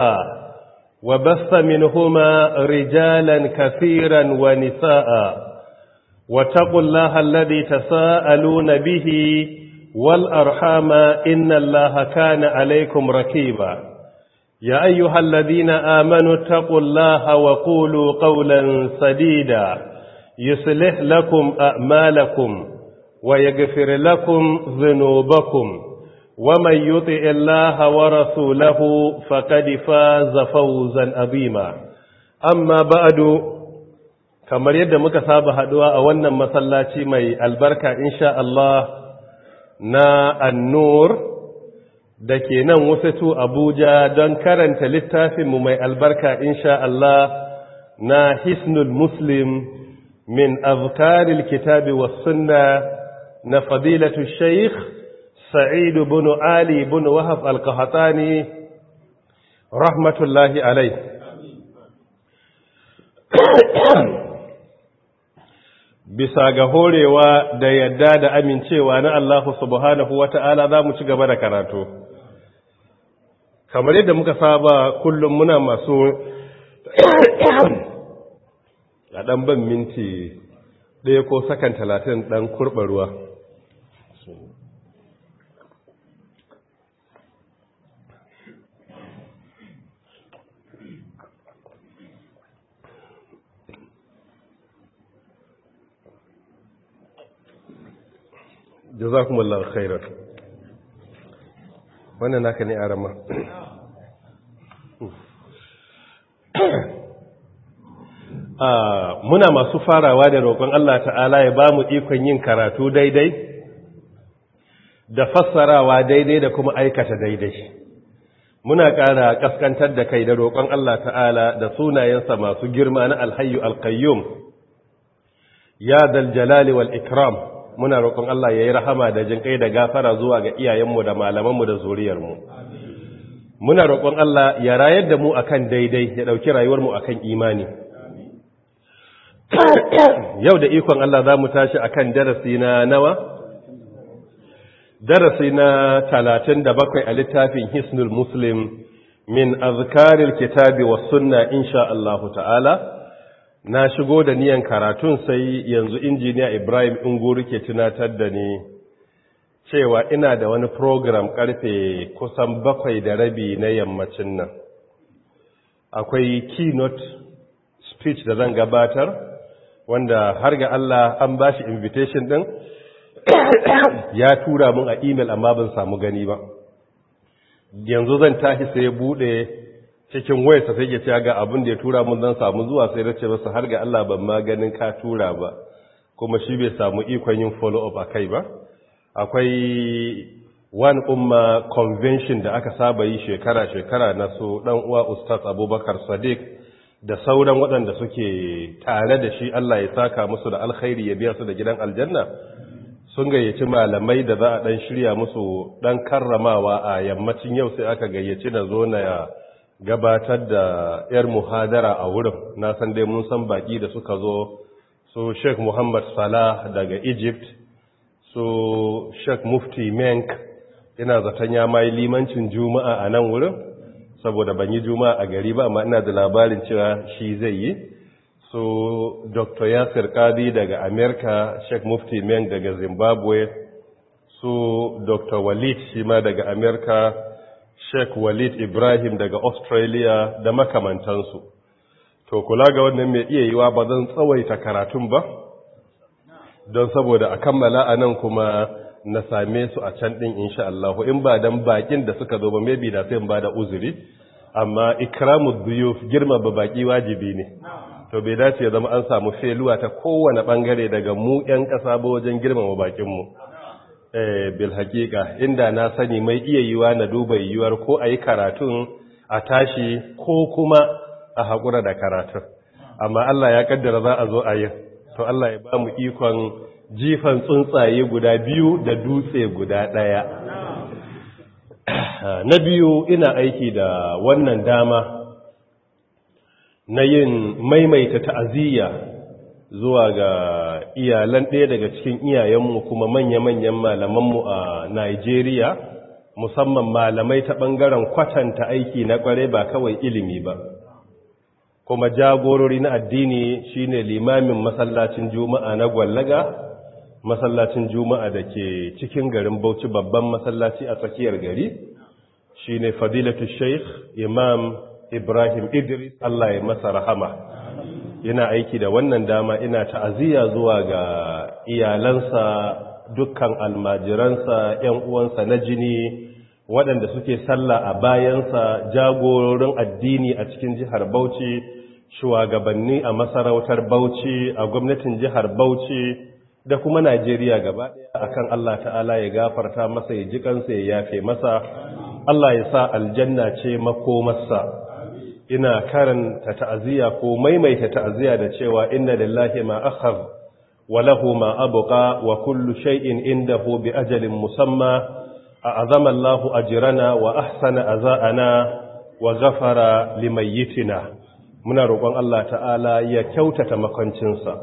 آه. وبث منهما رجالا كثيرا ونساء واتقوا الله الذي تساءلون به والأرحام إن الله كان عليكم ركيبا يا أيها الذين آمنوا اتقوا الله وقولوا قولا سديدا يصلح لكم أعمالكم ويغفر لكم ذنوبكم ومن يطع الله ورسوله فقد فاز فوزا عظيما أما بعد kamar yadda muka saba haduwa a wannan masallaci mai albarka insha Allah na annur da ke nan wasatu Abuja don karanta littafinmu mai albarka insha Allah na Hisnul Muslim min azkaril kitabi was sunna na fadilatu Sheikh سعيد بن علي بن وهب القهطاني ne. Rahmatullahi alai. bisa ga horewa da yadda da amincewa na Allah subhanahu wata'ala za mu ci gaba da karatu kamar yadda muka saba kullum muna masu a ɗan ban minti ɗaya ko sakan talatin ɗan kurɓa ruwa jazakumullahu khairan wannan naka ne arama ah, muna masu farawa da roƙon Allah ta'ala ya ba mu ikon yin karatu daidai da fassarawa daidai da kuma aikata daidai muna ƙara ƙaskantar da kai da roƙon Allah ta'ala da sunayensa masu girma na alhayu alkayyum ya dal jalali wal ikram muna roƙon Allah ya yi rahama da jin kai da gafara zuwa ga iyayenmu da malamanmu da zuriyarmu muna roƙon Allah ya rayar da mu akan daidai ya ɗauki rayuwarmu akan imani yau da ikon Allah za mu tashi a kan darasi na nawa darasi na talatin da bakwai a littafin hisnul muslim min azkaril kitabi wa sunna insha Allah ta'ala na shigo da niyan karatun sai yanzu injiniya Ibrahim Inguru ke tunatar da ni cewa ina da wani program karfe kusan bakwai da rabi na yammacin nan akwai keynote speech da zan gabatar wanda har ga Allah an ba shi invitation din ya tura mun a email amma ban samu gani ba yanzu zan tashi sai ya bude cikin waya ta sai ya ga abin da ya tura mun zan samu zuwa sai race masa har ga Allah ban maganin ka tura ba kuma shi bai samu ikon yin follow up akai ba akwai one umma convention da aka saba yi shekara shekara na su dan uwa ustaz Abubakar Sadiq da sauran waɗanda suke tare da shi Allah ya saka musu da alkhairi ya biya su da gidan aljanna sun gayyaci malamai da za a dan shirya musu dan karramawa a yammacin yau sai aka gayyaci na zo na gabatar da 'yar muhadara a wurin na san dai mun san baki da suka zo su sheikh muhammad salah daga egypt su sheikh mufti menk ina zaton ya mai limancin juma'a a nan wurin saboda ban yi juma'a a gari ba amma ina da labarin cewa shi zai yi su dr yasir kadi daga america sheikh mufti menk daga zimbabwe su dr walid shima daga america Sheikh Walid Ibrahim daga Australia da makamantansu. To, kula ga wannan mai iya yiwa ba zan tsawaita karatun ba, don saboda a kammala a nan kuma na same su a can ɗin insha Allah, in ba don baƙin da suka zo ba, maybe na sai ba da uzuri, amma ikramu biyu girma ba baki wajibi ne. To, bai dace ya zama an samu feluwa ta kowane ɓangare daga mu ‘yan ƙasa ba wajen girmama bakinmu. Eh, bil inda na sani mai iya yiwa na duba yiwuwar ko a yi karatun a tashi ko kuma a haƙura da karatun amma Allah ya ƙaddara za a zo a yi to Allah ya ba mu ikon jifan tsuntsaye guda biyu da dutse guda ɗaya na biyu ina aiki da wannan dama na yin maimaita ta'aziyya zuwa ga iyalan ɗaya daga cikin iyayenmu kuma manya-manyan malamanmu a Najeriya musamman malamai ta ɓangaren kwatanta aiki na ƙware ba kawai ilimi ba kuma jagorori na addini shi ne limamin masallacin juma'a na gwallaga masallacin juma'a da ke cikin garin bauchi babban masallaci a tsakiyar gari Shi ne fadilatu sheikh imam ibrahim idris allah ya masa rahama yana aiki da wannan dama ina ta'aziyya zuwa ga iyalansa dukkan almajiransa ‘yan uwansa na jini waɗanda suke sallah a bayansa jagororin addini a cikin jihar Bauchi shugabanni a masarautar Bauchi a gwamnatin jihar Bauchi da kuma Najeriya gaba ɗaya akan Allah ta'ala ya gafarta masa ya ji kansa ya yafe masa Allah ya sa aljanna ce makomarsa ina karanta ta'aziyya ko maimaita ta'aziyya da cewa inna lillahi ma Akhar wa lahu ma abqa wa kullu shay'in indahu bi ajalin musamma a'azama Allahu ajrana wa ahsana azana wa ghafara limayyitina muna roƙon Allah ta'ala ya kyautata makancinsa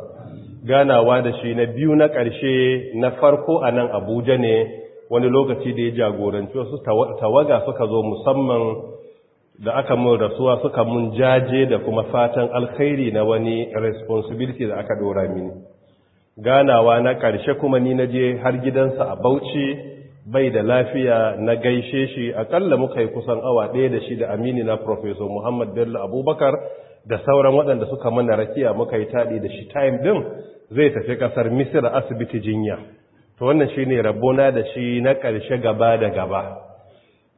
ganawa da shi na biyu na ƙarshe na farko a nan Abuja ne wani lokaci da ya jagoranci wasu tawaga suka zo musamman da aka mun rasuwa suka mun jaje da kuma fatan alkhairi na wani responsibility da aka dora mini ganawa na ƙarshe kuma ni naje har gidansa a Bauchi bai da lafiya na gaishe shi akalla muka yi kusan awa ɗaya da shi da amini na professor Muhammad Bello Abubakar da sauran waɗanda suka mana rakiya muka yi taɗi da shi time din zai tafi ƙasar Misir asibiti jinya to wannan shine rabona da shi na ƙarshe gaba da gaba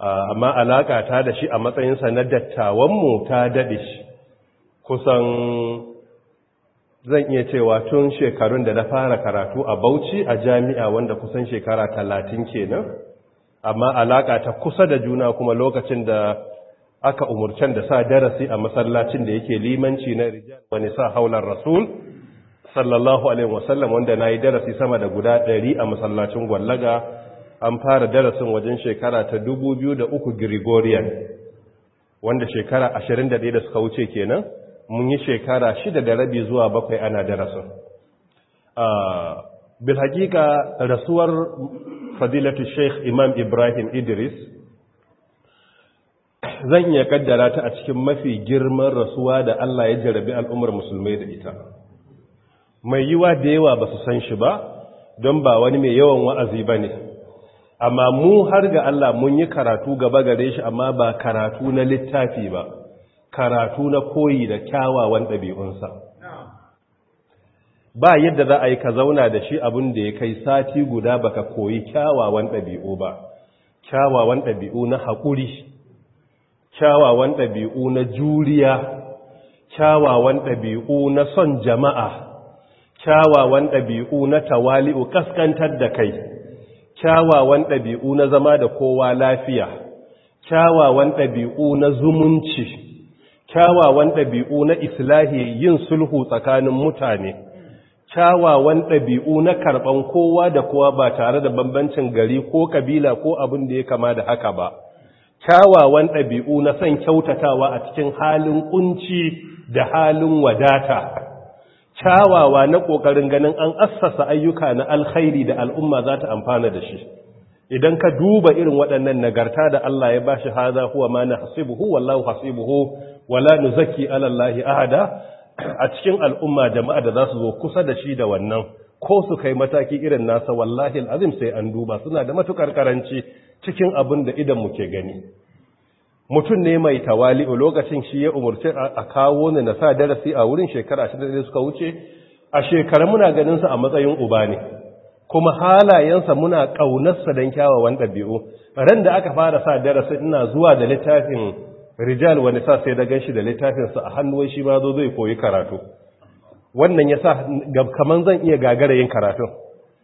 Ah, amma alaka ta da shi a matsayinsa na dattawanmu ta daɗe shi kusan zan iya cewa tun shekarun da na fara karatu a bauchi a jami'a wanda kusan shekara talatin kenan amma alaƙa ta kusa da juna kuma lokacin da aka umurcan da sa darasi a masallacin da yake limanci na rijal wani sa haular rasul sallallahu alaihi wasallam wanda na yi darasi sama da guda ɗari a masallacin gwallaga an fara darasin wajen shekara ta 2003 Gregorian wanda shekara ashirin da suka wuce kenan mun yi shekara shida da rabi zuwa bakwai ana darasin ah, bil hakika rasuwar fadilatu Sheikh Imam Ibrahim Idris zan iya kaddara ta a cikin mafi girman rasuwa da Allah ya jarabi al'ummar musulmai da ita mai yiwa da yawa ba su san shi ba don ba wani mai yawan wa'azi ba ne amma mu har ga Allah mun yi karatu gaba gare shi amma ba karatu na littafi ba karatu na koyi da kyawawan ɗabi'unsa ba yadda za a yi ka zauna da shi abin da ya kai sati guda baka koyi kyawawan ɗabi'u ba kyawawan ɗabi'u na haƙuri kyawawan ɗabi'u na juriya kyawawan ɗabi'u na son jama'a kyawawan ɗabi'u na tawali'u kaskantar da kai kyawawan ɗabi'u na zama da kowa lafiya kyawawan ɗabi'u na zumunci kyawawan ɗabi'u na islahi yin sulhu tsakanin mutane kyawawan ɗabi'u na karɓan kowa da kowa ba tare da bambancin gari ko kabila ko abin da ya kama da haka ba kyawawan ɗabi'u na son kyautatawa a cikin halin ƙunci da halin wadata kyawawa na ƙoƙarin ganin an assasa ayyuka na alkhairi da al'umma za ta amfana da shi idan ka duba irin waɗannan nagarta da Allah ya ba shi haza huwa ma na hasibuhu wallahu hasibuhu wala nuzaki zaki Allahi ahada a cikin al'umma jama'a da za su zo kusa da shi da wannan ko su kai mataki irin nasa wallahi al'azim sai an duba suna da matuƙar ƙaranci cikin abin da idan muke gani mutum ne mai tawali'u lokacin shi ya umarci a kawo ni na sa darasi a wurin shekara ashirin da suka wuce a shekara muna ganin sa a matsayin uba ne kuma halayensa muna ƙaunarsa don kyawawan ɗabi'u ran da aka fara sa darasi ina zuwa da littafin rijal wani sa sai da ganshi da littafinsa a hannuwan shi ma zo zai koyi karatu wannan ya sa kaman zan iya gagara yin karatu.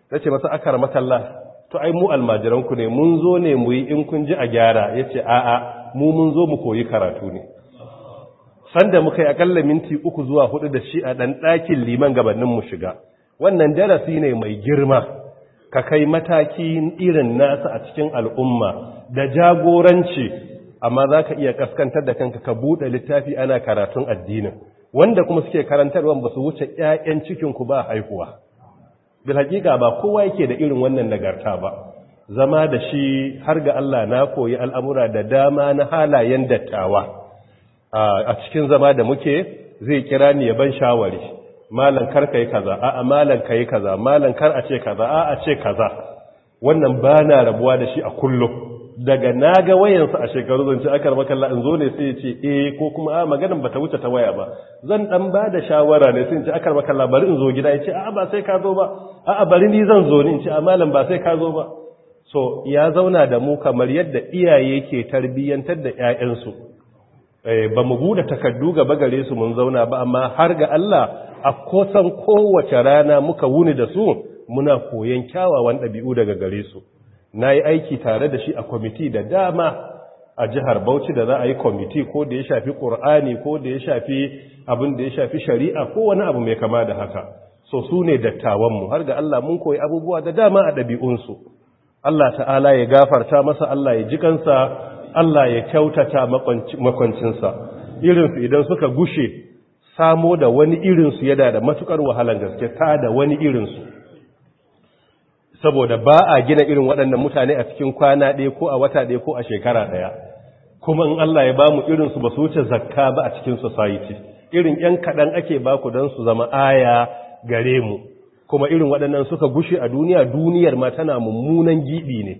ta ce masa aka matalla, to ai mu almajiranku ne mun zo ne mu yi in kun ji a gyara ya ce a'a mu mun zo mu koyi karatu ne sanda muka yi akalla minti uku zuwa hudu da shi a ɗan ɗakin liman gabanin mu shiga wannan darasi ne mai girma ka kai mataki irin nasa a cikin al'umma da jagoranci amma za ka iya kaskantar da kanka ka buɗe littafi ana karatun addinin wanda kuma suke karantarwa ba su wuce 'ya'yan cikinku ba haihuwa bil hakika ba kowa yake da irin wannan nagarta ba zama da shi har ga Allah na koyi al'amura da dama na halayen dattawa a cikin zama da muke zai kira ni ya ban shawari malan kar ka yi kaza a malan ka yi kaza malan kar a ce kaza a a ce kaza wannan ba na rabuwa da shi a kullum daga na ga wayansa a shekaru zance aka rama kalla in zo ne sai ya ce eh ko kuma a maganin ta wuce ta waya ba zan dan ba da shawara ne sai in ce aka rama kalla bari in zo gida ya ce a'a ba sai ka zo ba a'a bari ni zan zo ne in ce a malam ba sai ka zo ba so ya zauna da mu kamar yadda iyaye ke tarbiyyantar da 'ya'yansu eh, ba mu buɗe takardu gaba gare su mun zauna ba amma har ga Allah a kusan kowace rana muka wuni da su muna koyon kyawawan ɗabi'u daga gare su na yi aiki tare da shi a kwamiti da dama a jihar Bauchi da za a yi kwamiti ko da ya shafi Kur'ani, ko da ya shafi abin da ya shafi shari'a ko wani abu mai kama da haka so su ne mu har ga Allah mun koyi abubuwa da dama a ɗabi'unsu Allah ta'ala ya gafarta masa Allah ya jikansa Allah ya kyautata makwancinsa irinsu idan suka gushe samo da wani irinsu yana da matukar wahalan gaske ta da wani irinsu saboda ba a gina irin waɗannan mutane a cikin kwana ɗaya ko a wata ɗaya ko a shekara ɗaya kuma in Allah ya ba mu irinsu ba su wuce zakka ba a cikin society irin ‘yan kaɗan ake ba ku don su zama aya gare mu kuma irin waɗannan suka gushe a duniya duniyar ma tana mummunan gibi ne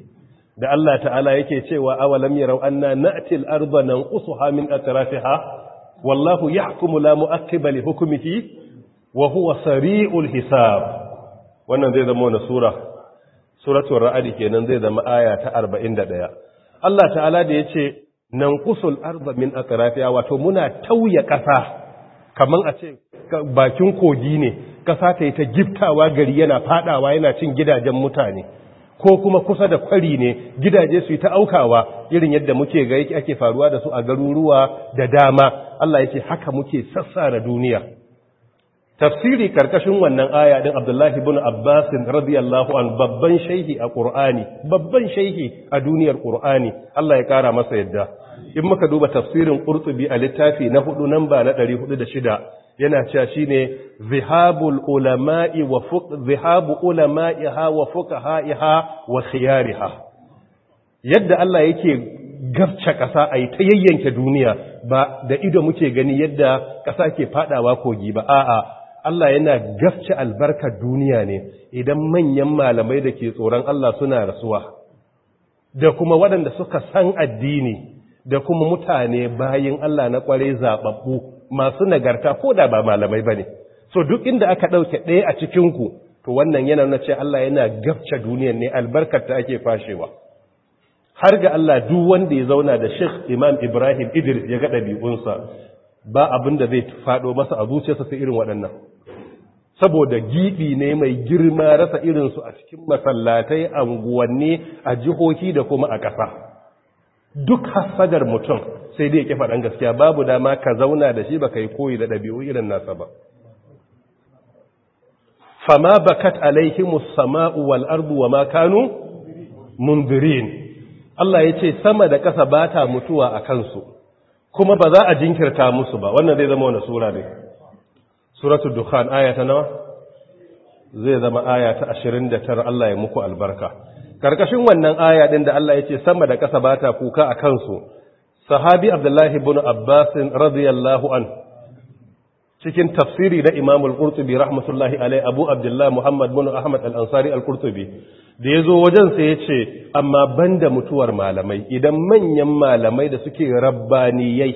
da Allah ta'ala yake cewa awalam yarau anna na'til arda nanqusuha min atrafiha wallahu yahkumu la mu'aqqiba li hukmihi wa huwa sari'ul hisab wannan zai zama wannan sura suratul ra'd kenan zai zama aya ta 41 Allah ta'ala da yace nanqusul arda min atrafiha wato muna tauya kasa kaman a ce bakin kogi ne Kasa ta yi ta giftawa gari yana fadawa yana cin gidajen mutane ko kuma kusa da kwari ne gidaje su yi ta aukawa irin yadda muke ga yake ake faruwa da su a garuruwa da dama Allah yake haka muke sassa sassara duniya tafsiri karkashin wannan aya din Abdullahi ibn Abbas radiyallahu an babban shehi a Qur'ani babban shehi a duniyar Qur'ani Allah ya kara masa yadda in muka duba tafsirin Qurtubi a littafi na 4 namba na 406 yana cewa shine zihabul ulama'i wa fuq zihabu ulama'iha wa fuqaha'iha wa khiyariha yadda Allah yake gabce kasa a ta yayyanke duniya ba da ido muke gani yadda kasa ke fadawa kogi ba a'a Allah yana garce albarkar duniya ne idan manyan malamai da ke tsoron Allah suna rasuwa da kuma waɗanda suka san addini da kuma mutane bayin Allah na kware zaɓaɓɓu. masu nagarta ko da ba malamai ba ne so duk inda aka ɗauke ɗaya a cikinku to wannan yana na ce Allah yana gafce duniyan ne albarkar ta ake fashewa har ga Allah duk wanda ya zauna da Sheikh Imam Ibrahim Idris ya ga ɗabi'unsa ba abin da zai faɗo masa a zuciyarsa sai irin waɗannan saboda giɓi ne mai girma rasa irinsu a cikin masallatai anguwanni a jihohi da kuma a ƙasa duk hasadar mutum sai dai ya ƙi gaskiya babu dama ka zauna da shi ba ka yi koyi da ɗabi'u irin nasa ba fama bakat alaihimus sama'u wal wa makanu mundirin Allah ya ce sama da ƙasa ba ta mutuwa a kansu kuma ba za a jinkirta musu ba wannan zai zama wani sura ne suratul dukhan aya ta nawa zai zama aya ta 29 Allah ya muku albarka karkashin wannan aya din da Allah ya ce sama da ƙasa ba ta kuka a kansu sahabi abdullahi ibn abbas radiyallahu an cikin tafsiri na imam al-qurtubi rahmatullahi alai abu Abdullahi muhammad ibn ahmad al-ansari al-qurtubi da yazo wajen sa yace amma banda mutuwar malamai idan manyan malamai da suke rabbaniyai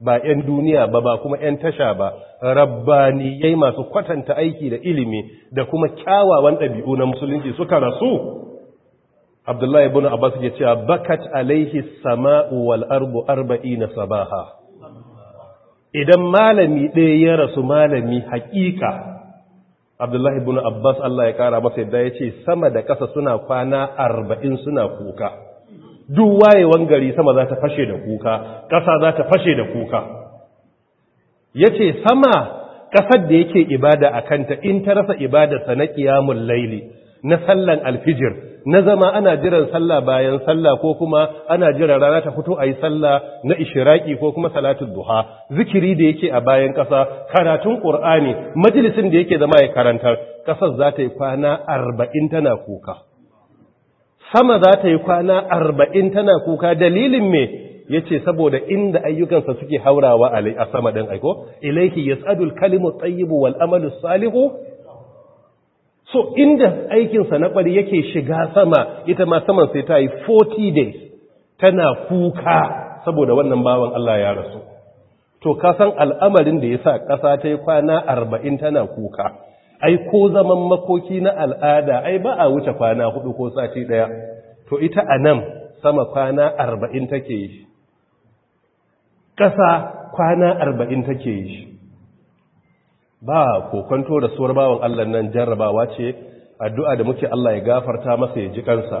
ba 'yan duniya ba ba kuma 'yan tasha ba rabbaniyai masu kwatanta aiki da ilimi da kuma kyawawan ɗabi'u na musulunci suka rasu abdullahi ibn abbas ya ce bakat alaihi sama'u wal arbu arba'ina sabaha idan malami ɗaya ya rasu malami haƙiƙa abdullahi ibn abbas Allah ya kara masa yadda ya ce sama da ƙasa suna kwana arba'in suna kuka duk wayewan gari sama za ta fashe da kuka ƙasa za ta fashe da kuka ya ce sama ƙasar da yake ibada a kanta in ta rasa ibadarsa na ƙiyamun laili na sallan alfijir na zama ana jiran sallah bayan sallah ko kuma ana jiran rana ta fito a yi sallah na ishiraki ko kuma salatul duha zikiri da yake a bayan ƙasa karatun ƙur'ani majalisin da yake zama ya karantar ƙasar za ta yi kwana arba'in tana kuka sama za ta yi kwana arba'in tana kuka dalilin me ya ce saboda inda ayyukansa suke haurawa a sama ɗin aiko ilaiki ya tsadul kalimu tsayibu wal amalu salihu so inda aikinsa na ƙwari yake shiga sama ita ma saman sai ta yi 40 days tana kuka saboda wannan bawan Allah ya rasu to ka san al'amarin da ya sa ƙasa ta yi kwana 40 tana kuka ai ko zaman makoki na al'ada ai ba a wuce kwana hudu ko sati ɗaya to ita a nan sama kwana 40 take yi ƙasa kwana 40 take yi ba kokonto da suwar bawan Allah nan jarrabawa ce addu'a da muke Allah ya gafarta masa ya ji kansa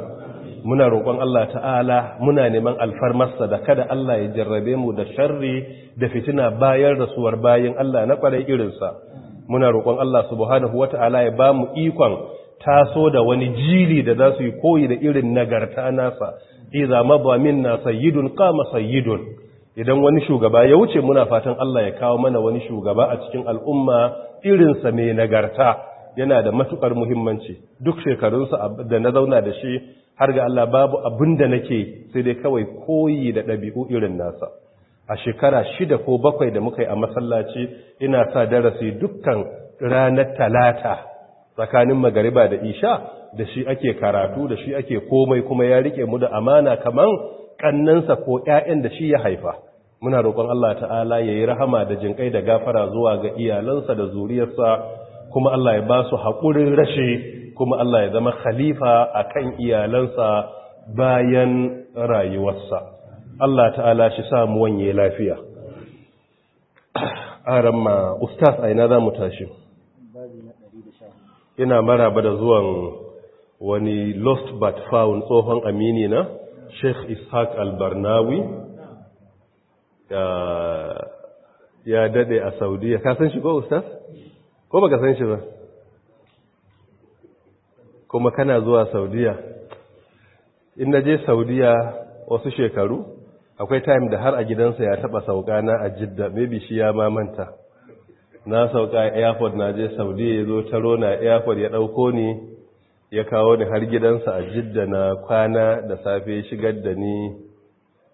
muna roƙon Allah ta'ala muna neman alfarmarsa da kada Allah ya jarrabe mu da sharri da fitina bayan rasuwar bayan Allah na ƙwarai irinsa muna roƙon Allah subhanahu wata'ala ya ba mu ikon taso da wani jili da za su yi koyi da irin nagarta nasa iza mabamin na sayyidun kama sayyidun idan wani shugaba ya wuce muna fatan Allah ya kawo mana wani shugaba a cikin al'umma irinsa mai nagarta yana da matukar muhimmanci duk shekarunsa da na zauna da shi har ga Allah babu abin da nake sai dai kawai koyi da ɗabi'u irin nasa a shekara shida ko bakwai da muka yi a masallaci ina sa darasi dukkan ranar talata tsakanin magariba da isha da shi ake karatu da shi ake komai kuma ya rike mu da amana kaman kannansa ko ƴaƴan da shi ya haifa muna roƙon Allah ta'ala yayi rahama da jinkai da gafara zuwa ga iyalansa da zuriyarsa kuma Allah ya ba su haƙurin rashe kuma Allah ya zama khalifa a kan iyalansa bayan rayuwarsa Allah ta'ala shi samu wanye lafiya aramma ustaz aina za mu tashi ina maraba da zuwan wani lost but found tsohon amini na sheikh ishaq barnawi eh, ya dade a saudiya ka san shi ko ustaz ko baka san shi ba kuma kana zuwa saudiya in na je saudiya wasu shekaru akwai time da har a gidansa ya taba sauka na a jidda maybe shi ya mamanta na sauka airport na je saudiya ya zo taro na airport ya dauko ni ya kawo ni har gidansa a jidda na kwana da safe shigar da ni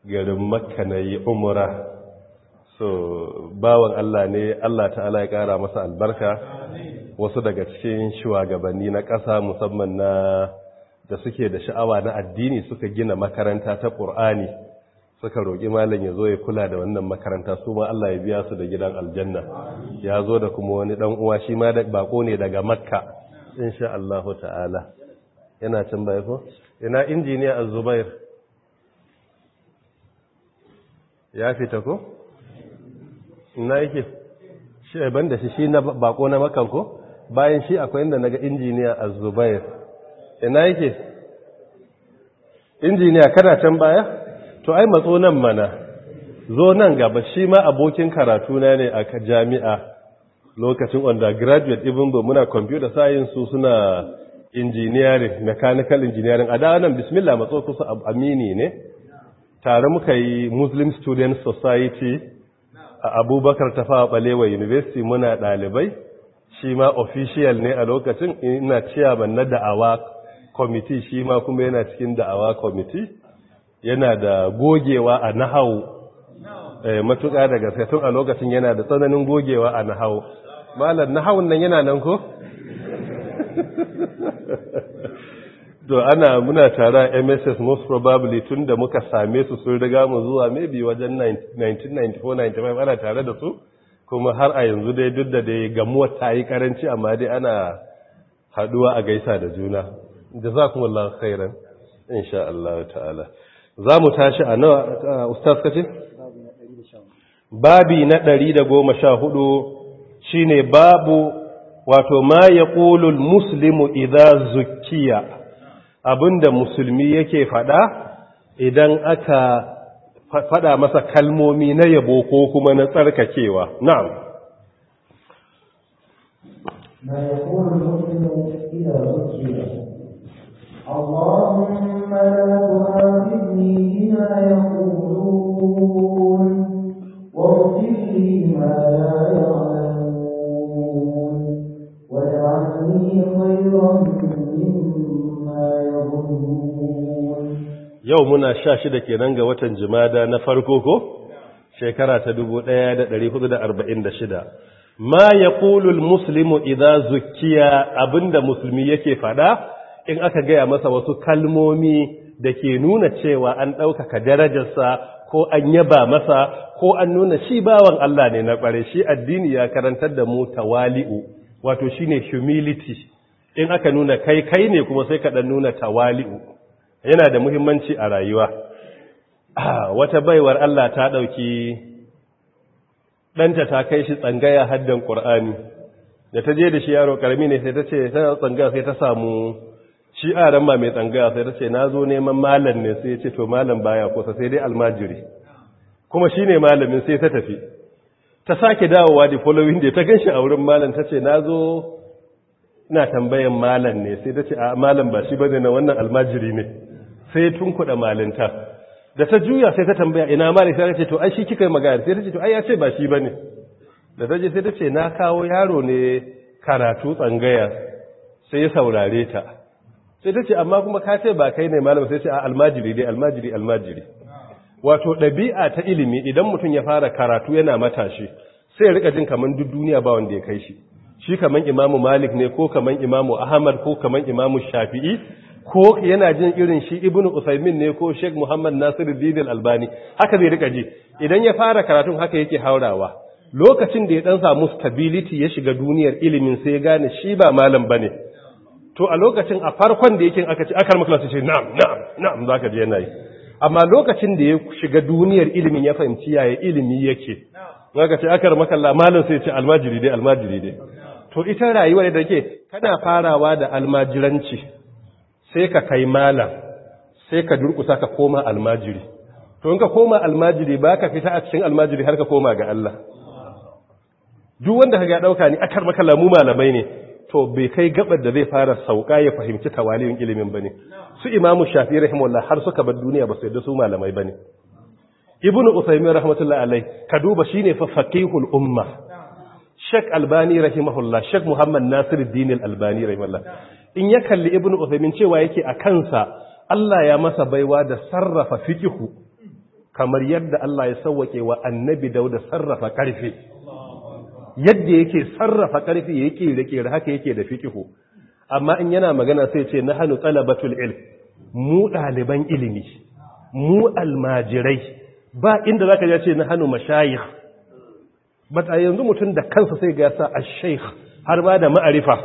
garin makka na yi umura so bawan Allah ne Allah ta'ala ya kara masa albarka wasu daga cikin shugabanni na ƙasa musamman na da suke da sha'awa na addini suka gina makaranta ta ƙur'ani suka roƙi malam ya zo ya kula da wannan makaranta su ma Allah ya biya su da gidan aljanna ya zo da kuma wani ɗan uwa shi ma bako ne daga makka In sha Allah ta'ala yana can baya ko ina injiniya az-zubair ya fita ko ina yake shi ban da shi shi na bako na makan ko bayan shi akwai inda naga injiniya az-zubair ina yake injiniya kana can baya to ai matso nan mana zo nan gaba shi ma abokin karatu na ne a jami'a lokacin undergraduate even ba muna computer science su suna engineering mechanical engineering a da bismillah matso kusa amini ne tare muka yi muslim student society a abubakar tafawa balewa university muna dalibai shi ma official ne a lokacin ina ciyaman na da'awa committee shi ma kuma yana cikin da'awa committee yana da gogewa a nahau eh, matuƙa da gaske tun a lokacin yana da tsananin gogewa a nahau malam na hawan nan yana nan ko to ana muna tara mss most probably tun da muka same su sun riga mu zuwa maybe wajen 1994-95 ana tare da su kuma har a yanzu dai duk da dai gamuwa ta yi karanci amma dai ana haduwa a gaisa da juna Da za kuma khairan insha Allah ta'ala za mu tashi a nawa ustaz kacin? babi na 114 Shi ne babu wato ma yaqulu musulmi idan zukiya abinda musulmi yake fada idan aka fada masa kalmomi na yabo ko kuma na tsarkakewa na'am ما يقول المؤمن إذا ذكر اللهم لا تؤاخذني بما يقولون واغفر لي ما لا يرى Yau muna sha shida kenan ga watan jimada na farko ko? Shekara ta dubu ɗaya da ɗari hudu da arba'in da shida. Ma ya ƙulul Musulmi idan zukiya abinda Musulmi yake faɗa in aka gaya masa wasu kalmomi da ke nuna cewa an ɗaukaka darajarsa ko an yaba masa ko an nuna shi bawan Allah ne na ƙware shi addini ya karantar da mu tawali'u wato shine humility in aka nuna kai kai ne kuma sai ka nuna tawali'u yana da muhimmanci a rayuwa ah, wata baiwar Allah ta ɗauki ɗanta ta kai shi tsangaya haddan ƙur'ani da ta je da shi yaro ƙarami ne sai ta ce ta tsangaya sai ta samu shi a mai tsangaya sai ta ce na zo neman malam ne sai ce to malam baya kusa sai dai almajiri kuma shine malamin sai ta tafi ta sake dawowa da following day ta shi a wurin malam ta ce na zo na tambayan malam ne sai ta ce a malam ba shi ba ne na wannan almajiri ne sai tun kuɗa malinta da ta juya sai ta tambaya ina malam sai ta ce to ai shi kika yi magana sai ta ce to ai ya ce ba shi ba ne da ta je sai ta ce na kawo yaro ne karatu tsangaya sai ya saurare ta sai ta ce amma kuma ka ce ba kai ne malam sai ta ce a almajiri dai almajiri almajiri wato ɗabi'a ta ilimi idan mutum ya fara karatu yana matashi sai rika jin kaman duk duniya ba wanda ya kai shi shi kaman imamu malik ne ko kaman imamu ahmad ko kaman imamu shafi'i ko yana jin irin shi ibn usaimin ne ko sheikh muhammad nasiru didil albani haka zai rika ji idan ya fara karatun haka yake haurawa lokacin da ya ɗan samu stability ya shiga duniyar ilimin sai ya gane shi ba malam ba ne. to a lokacin a farkon da yake aka ci akar makalasu ce na'am na'am na'am zaka je yana yi amma lokacin da ya shiga duniyar ilimin ya fahimci yaya ilimi yake zaka ce akar makalla malam sai ce almajiri dai almajiri dai to ita rayuwar da ke kana farawa da almajiranci sai ka kai malam sai ka durkusa ka koma almajiri to in ka koma almajiri ba ka fita a cikin almajiri har ka koma ga Allah duk wanda ka ga dauka ni akar makalla mu malamai ne to bai kai gabar da zai fara sauka ya fahimci tawaliyun ilimin bane su imamu shafi rahimahullah har suka bar duniya ba su da su malamai bane ibnu usaymin rahmatullahi alai ka duba shine fa faqihul umma shek albani rahimahullah shek muhammad nasiruddin albani rahimahullah in ya kalli ibnu usaymin cewa yake a kansa Allah ya masa baiwa da sarrafa fiqhu kamar yadda Allah ya sawwake wa annabi dauda sarrafa karfe yadda yake sarrafa ƙarfi ya rike haka yake da fikihu amma in yana magana sai ce na hannu talabatul ilm mu ɗaliban ilimi mu almajirai ba inda za ka ya ce na hannu mashayikh ba ta yanzu mutum da kansa sai ga yasa ashaikh har ba da ma'arifa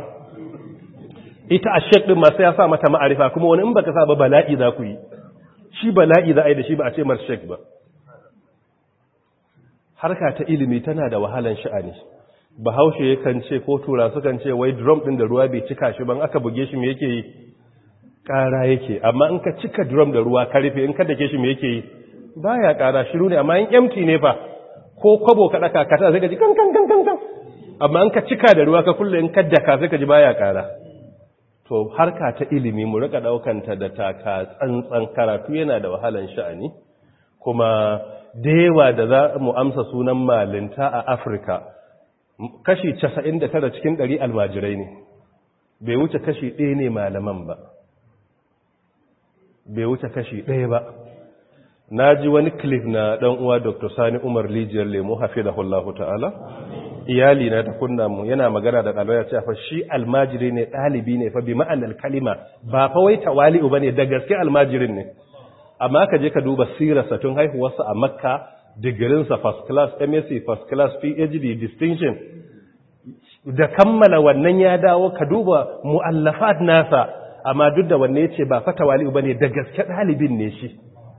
ita ashaikh ɗin masu yasa sa mata ma'arifa kuma wani in baka sa ba bala'i za ku yi shi bala'i za a yi da shi ba a ce mar sheik ba harka ta ilimi tana da wahalan sha'ani bahaushe kan ce ko tura kan ce wai drum ɗin da ruwa bai cika shi ban aka buge shi me yake yi ƙara yake amma in ka cika drum da ruwa ka rufe in ka dake shi me yake yi ya ƙara shiru ne amma in empty ne fa ko kwabo ka daka ka ta zai gaji kankan kankan amma in ka cika da ruwa ka kulle in ka daka sai ka ji ya ƙara to harka ta ilimi mu rika ɗaukanta da taka tsantsan karatu yana da wahalan sha'ani kuma da yawa da za mu amsa sunan malinta a Afirka kashi 99 cikin 100 almajirai ne bai wuce kashi ɗaya ne malaman ba bai wuce kashi ɗaya ba na ji wani clip na ɗan uwa dr sani umar lijiyar lemo hafi da hullahu ta'ala iyali na ta kunna mu yana magana da ɗalibaya ce fa shi almajiri ne ɗalibi ne fa bi ma'anar kalima ba fa wai tawali'u ba ne da gaske almajirin ne amma ka je ka duba sirarsa tun haihuwarsa a makka digirinsa first class MSc first class PhD distinction da kammala wannan ya dawo ka duba mu'allafat nasa amma duk da wanne yace ba fatawali bane da gaske dalibin ne shi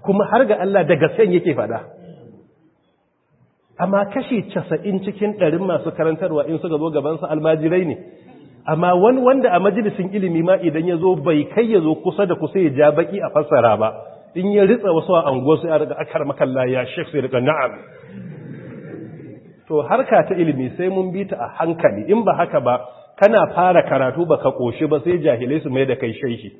kuma har ga Allah da gasken yake fada amma kashi 90 cikin ɗarin masu karantarwa in suka zo gaban su almajirai ne amma wani wanda a majalisin ilimi ma idan ya zo bai kai ya zo kusa da kusa ya ja baki a fassara ba in ya ritsa wasu a anguwar su ya riga akar makalla ya shek sai riga na'am to harka ta ilimi sai mun bi ta a hankali in ba haka ba kana fara karatu ba ka koshi ba sai jahilai su mai da kai shaishi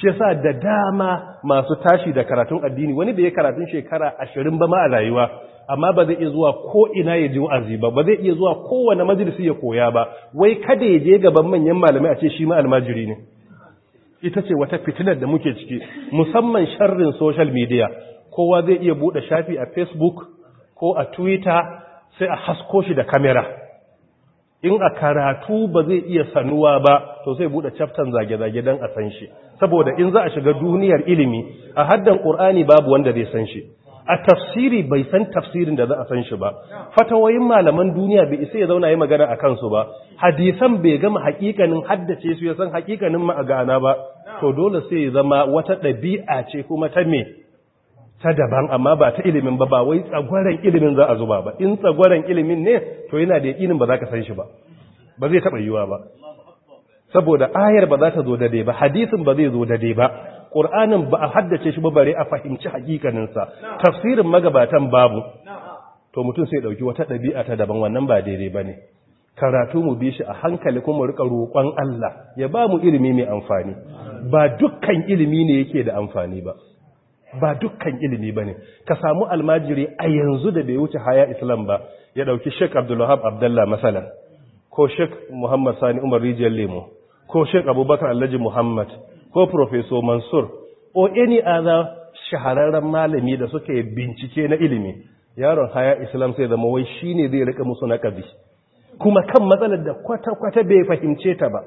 shi yasa da dama masu tashi da karatun addini wani da ya karatun shekara ashirin ba ma a rayuwa amma ba zai iya zuwa ko ina ya ji wa'azi ba ba zai iya zuwa kowane majalisi ya koya ba wai kada ya je gaban manyan malamai a ce shi ma almajiri ne ita ce wata fitilar da muke ciki musamman sharrin social media kowa zai iya bude shafi a facebook ko a twitter sai a hasko shi da kamera in a karatu ba zai iya sanuwa ba to sai bude chaftan zage-zage don a san shi saboda in za a shiga duniyar ilimi a haddan ƙur'ani babu wanda zai san shi a tafsiri bai san tafsirin da za a san shi ba fatawoyin malaman duniya bai isa ya zauna yi magana a kansu ba hadisan bai gama hakikanin haddace su ya san hakikanin gana ba to dole sai ya zama wata ɗabi'a ce kuma ta me ta daban amma ba ta ilimin ba ba wai tsagwaren ilimin za a zuba ba in tsagwaren ilimin ne to yana da yakinin ba za ka san shi ba ba zai taɓa yiwuwa ba saboda ayar ba za ta zo dai ba hadisin ba zai zo dai ba ƙur'anin ba a haddace shi ba bare a fahimci hakikaninsa tafsirin magabatan babu to mutum sai ɗauki wata ɗabi'a ta daban wannan ba daidai ba ne karatu mu bi shi a hankali kuma rika roƙon Allah ya ba mu ilimi mai amfani ba dukkan ilimi ne yake da amfani ba ba dukkan ilimi ba ne ka samu almajiri a yanzu da bai wuce haya islam ba ya ɗauki sheik abdullahab abdallah masalan ko sheik muhammad sani umar rijiyar lemo ko sheik abubakar alhaji muhammad ko professor mansur ko any other shahararren malami da suka yi bincike na ilimi yaron haya islam sai zama wai shi ne zai rika musu naƙabi kuma kan matsalar da kwata-kwata bai fahimce ta ba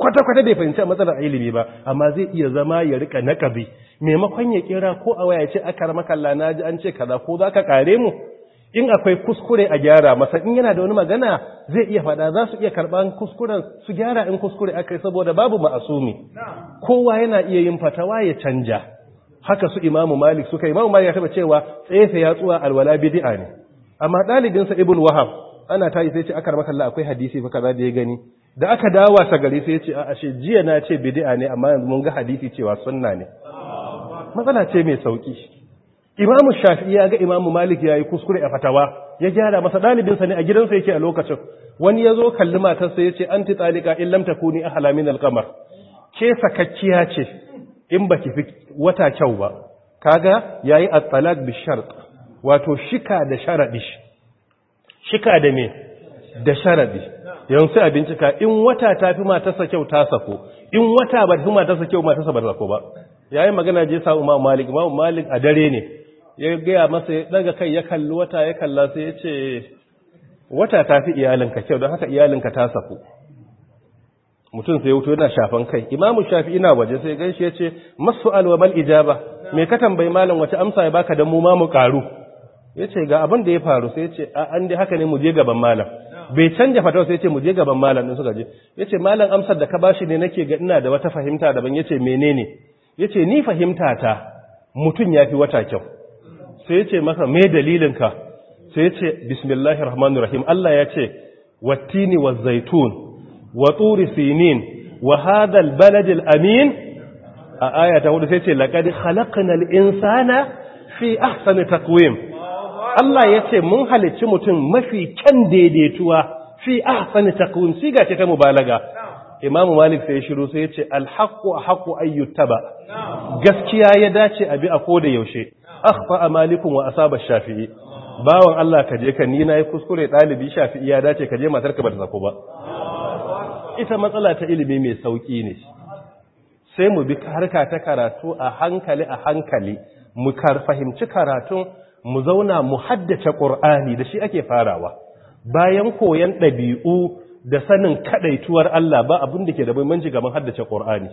kwata-kwata bai fahimci matsalar ilimi ba amma zai iya zama ya rika naƙabi maimakon ya kira ko a waya ce aka ramakalla na ji an ce kaza ko za ka kare mu in akwai kuskure a gyara masa in yana da wani magana zai iya fada za su iya karɓan kuskuren su gyara in kuskure aka yi saboda babu ma'asumi kowa yana iya yin fatawa ya canja haka su imamu malik suka yi. imamu malik ya taɓa cewa tsefe yatsuwa alwala bidi'a ne amma ɗalibinsa ibn wahab ana ta yi sai ce aka ramaka Allah akwai hadisi fa kaza da ya gani da aka dawa sa gari sai ya ce a ashe jiya na ce bidi'a ne amma yanzu mun ga hadisi cewa sunna ne matsala ce mai sauki imamu shafi'i ya ga imamu malik ya yi kuskure a fatawa ya gyara masa ɗalibinsa ne a gidansa yake a lokacin wani ya zo kalli matarsa ya ce an ti tsalika in lamta ni a halamin alkamar ke sakakkiya ce in ba ki fi wata kyau ba kaga ya yi atsalak bi shart wato shika da sharaɗi shika da me da sharaɗi yanzu a bincika in wata ta fi matarsa kyau ta sako in wata ba ta fi matarsa kyau matarsa ba ta sako ba yayin magana je sa umar malik umar malik a dare ne ya gaya masa ya daga kai ya kalli wata ya kalla sai ya ce wata ta fi iyalinka kyau don haka iyalinka ta safu mutum sai wuto yana shafan kai imamu shafi ina waje sai shi ya ce masu alwamal ijaba mai ka tambayi malam wace amsa ya baka da mu ma mu karu ya ce ga abin da ya faru sai ya ce an dai haka ne mu je gaban malam bai canja fatawa sai ya ce mu je gaban malam din suka je ya ce malam amsar da ka bashi ne nake ga ina da wata fahimta daban ya ce menene ya ce ni fahimta ta mutum ya fi wata kyau sai ya ce masa me dalilinka sai ya ce bismillahir rahmanir rahim Allah ya ce wattini wa zaitun wa turi sinin wa hadal baladil amin a aya ta hudu sai ce laqad khalaqnal insana fi ahsani taqwim Allah ya ce mun halicci mutum mafi kyan daidaituwa fi ahsani taqwim siga ce ta mubalaga Imam Malik sai ya shiru sai ya ce alhaqqu haqqu ayyutaba gaskiya ya dace abi a koda yaushe akhfa malikun wa asaba shafi'i bawan Allah ka je ka ni nayi kuskure dalibi shafi'i ya dace ka je matar ka ba ta sako ba ita matsala ta ilimi mai sauki ne sai mu bi harka ta karatu a hankali a hankali mu kar fahimci karatun mu zauna mu haddace qur'ani da shi ake farawa bayan koyan dabi'u da sanin kadaituwar Allah ba abin da ke da muhimmanci gaban haddace qur'ani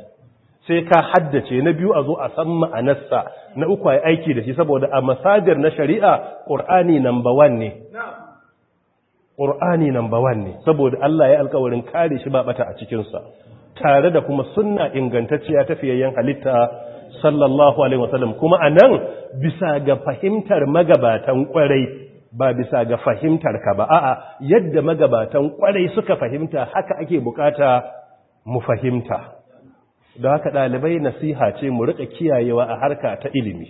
sai ka haddace na biyu a zo a san ma'anarsa na uku ya aiki da shi saboda a masajar na shari'a qur'ani number 1 ne qur'ani number ne saboda Allah ya alkawarin kare shi babata a cikinsa. tare da kuma sunna ingantacciya yan halitta sallallahu alaihi wasallam kuma a nan, bisa ga fahimtar magabatan kwarai ba bisa ga fahimtar ka ba a'a yadda magabatan kwarai suka fahimta haka ake bukata mu fahimta da haka ɗalibai nasiha ce mu rika kiyayewa a harka ta ilimi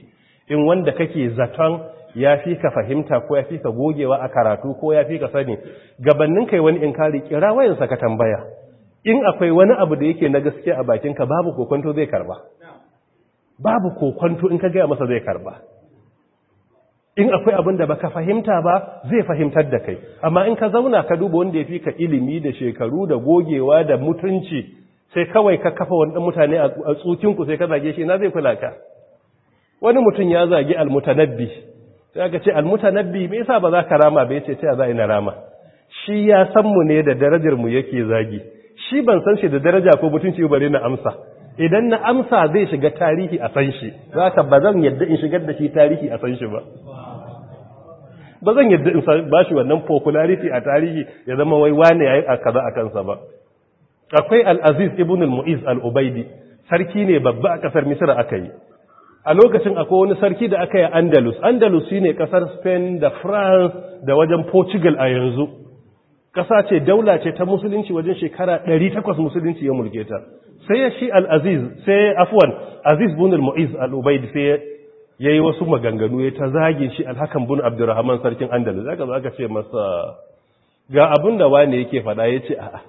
in wanda kake zaton ya fi ka fahimta ko ya fi ka gogewa a karatu ko ya fi ka sani gabanin kai wani in kari kira wayansa ka tambaya in akwai wani abu da yake na gaskiya a bakinka babu kokonto zai karba babu kokonto in ka gaya masa zai karba in akwai abin da baka fahimta ba zai fahimtar da kai amma in ka zauna ka duba wanda ya fi ka ilimi da shekaru da gogewa da mutunci sai kawai ka kafa wani dan mutane a tsukinku sai ka zage shi na zai kula ka wani mutum ya zage almutanabbi sai aka ce almutanabbi me yasa ba za ka rama ba yace sai a za na rama shi ya san mu ne da darajar mu yake zagi shi ban san shi da daraja ko mutunci bare na amsa idan na amsa zai shiga tarihi a san shi zaka bazan yadda in shigar da shi tarihi a san shi ba bazan yadda in ba shi wannan popularity a tarihi ya zama wai wane yayi a kaza a kansa ba akwai al'aziz ibn al-mu'iz al'ubaidi sarki ne babba a ƙasar misira aka yi a lokacin akwai wani sarki da aka yi andalus andalus shi ne ƙasar spain da france da wajen portugal a yanzu ƙasa ce daula ce ta musulunci wajen shekara 800 musulunci ya mulke ta sai ya shi al'aziz sai afuwan aziz ibn al-mu'iz al'ubaidi sai ya yi wasu maganganu ya ta zage shi alhakan bin abdurrahman sarkin andalus aka aka ce masa ga abin da wane yake faɗa ya ce a'a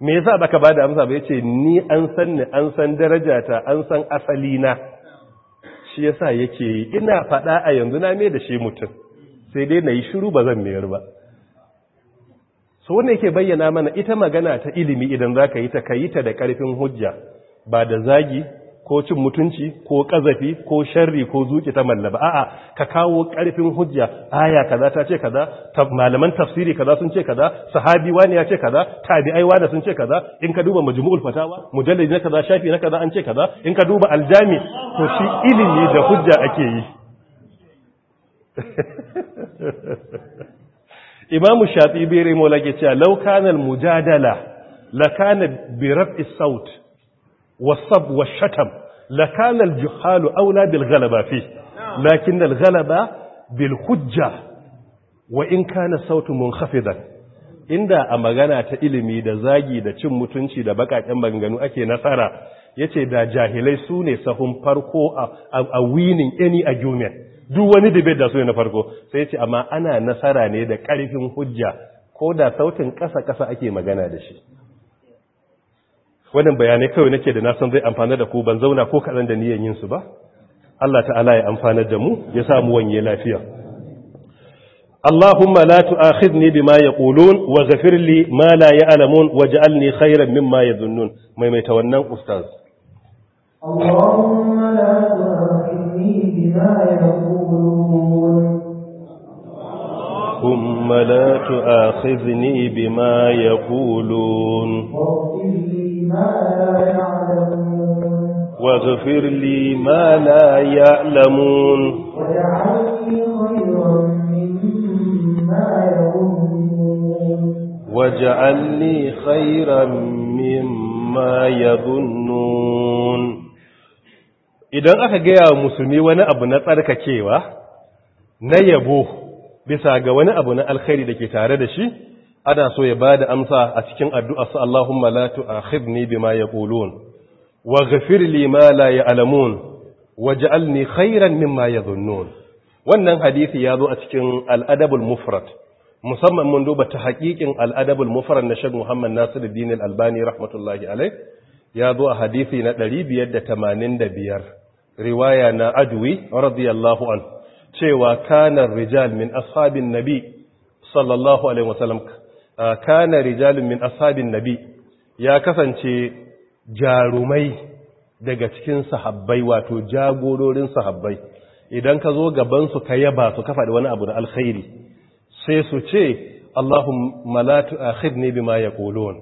me yasa baka bada amsa ba yace ni an san ni an san darajata an san asali na shi yasa yake ina fada a yanzu na me da shi mutum sai dai nayi shiru ba zan mayar ba so wannan yake bayyana mana ita magana ta ilimi idan zaka yi ta kayi ta da karfin hujja ba da zagi ko cin mutunci ko kazafi ko sharri ko zuki ta mallaba a'a ka kawo karfin hujja aya kaza ta ce kaza malaman tafsiri kaza sun ce kaza sahabi wani ya ce kaza tabi'ai wani sun ce kaza in ka duba majmu'ul fatawa mujallad na kaza shafi na kaza an ce kaza in ka duba aljami to shi ilimi da hujja ake yi imamu shafi bere mola ke cewa law kana mujadala la kana bi raf'i saut wasab shatam لكان الجحال أولى بالغلبة فيه لكن الغلبة بالخجة وإن كان الصوت منخفضا inda a magana ta ilimi da zagi da cin mutunci da bakaken banganu ake nasara yace da jahilai su ne sahun farko a winin any argument duk wani debate da su ne na farko sai ce amma ana nasara ne da ƙarfin hujja ko da sautin ƙasa-ƙasa ake magana da shi wannan bayanai kawai nake da na san zai amfana da ku ban zauna ko kaɗan da niyan yin su ba Allah ta'ala ya amfanar da mu ya sa mu wanye lafiya Allahumma la tu'akhidni bima yaqulun wa ghafir li ma la ya'lamun waj'alni khayran mimma yadhunnun maimaita wannan ustaz Allahumma la tu'akhidni bima yaqulun Allahumma la tu'akhidni bima yaqulun ما واغفر لي ما لا يعلمون وجعلني لي خيرا مما يظنون idan aka gaya wa musulmi wani abu na tsarkakewa na yabo bisa ga wani abu na alkhairi da ke tare da shi ana so ya bada amsa a cikin addu'arsa Allahumma la tu'akhidni bima yaqulun waghfir li ma la ya'lamun waj'alni khairan mimma yadhunnun wannan hadisi ya zo a cikin al-adabul mufrad musamman mun duba ta hakikin al-adabul mufrad na Sheikh Muhammad Nasiruddin al-Albani rahmatullahi alayh ya zo a hadisi na 585 riwaya na Adwi radiyallahu an cewa kana rijal min ashabin nabi sallallahu alaihi wasallam kana rijalun min ashabin nabi ya kasance jarumai daga cikin sahabbai wato jagororin sahabbai idan ka zo gaban su ka yaba su ka faɗi wani abu da alkhairi sai su ce Allahumma la tu'akhidni bima yaqulun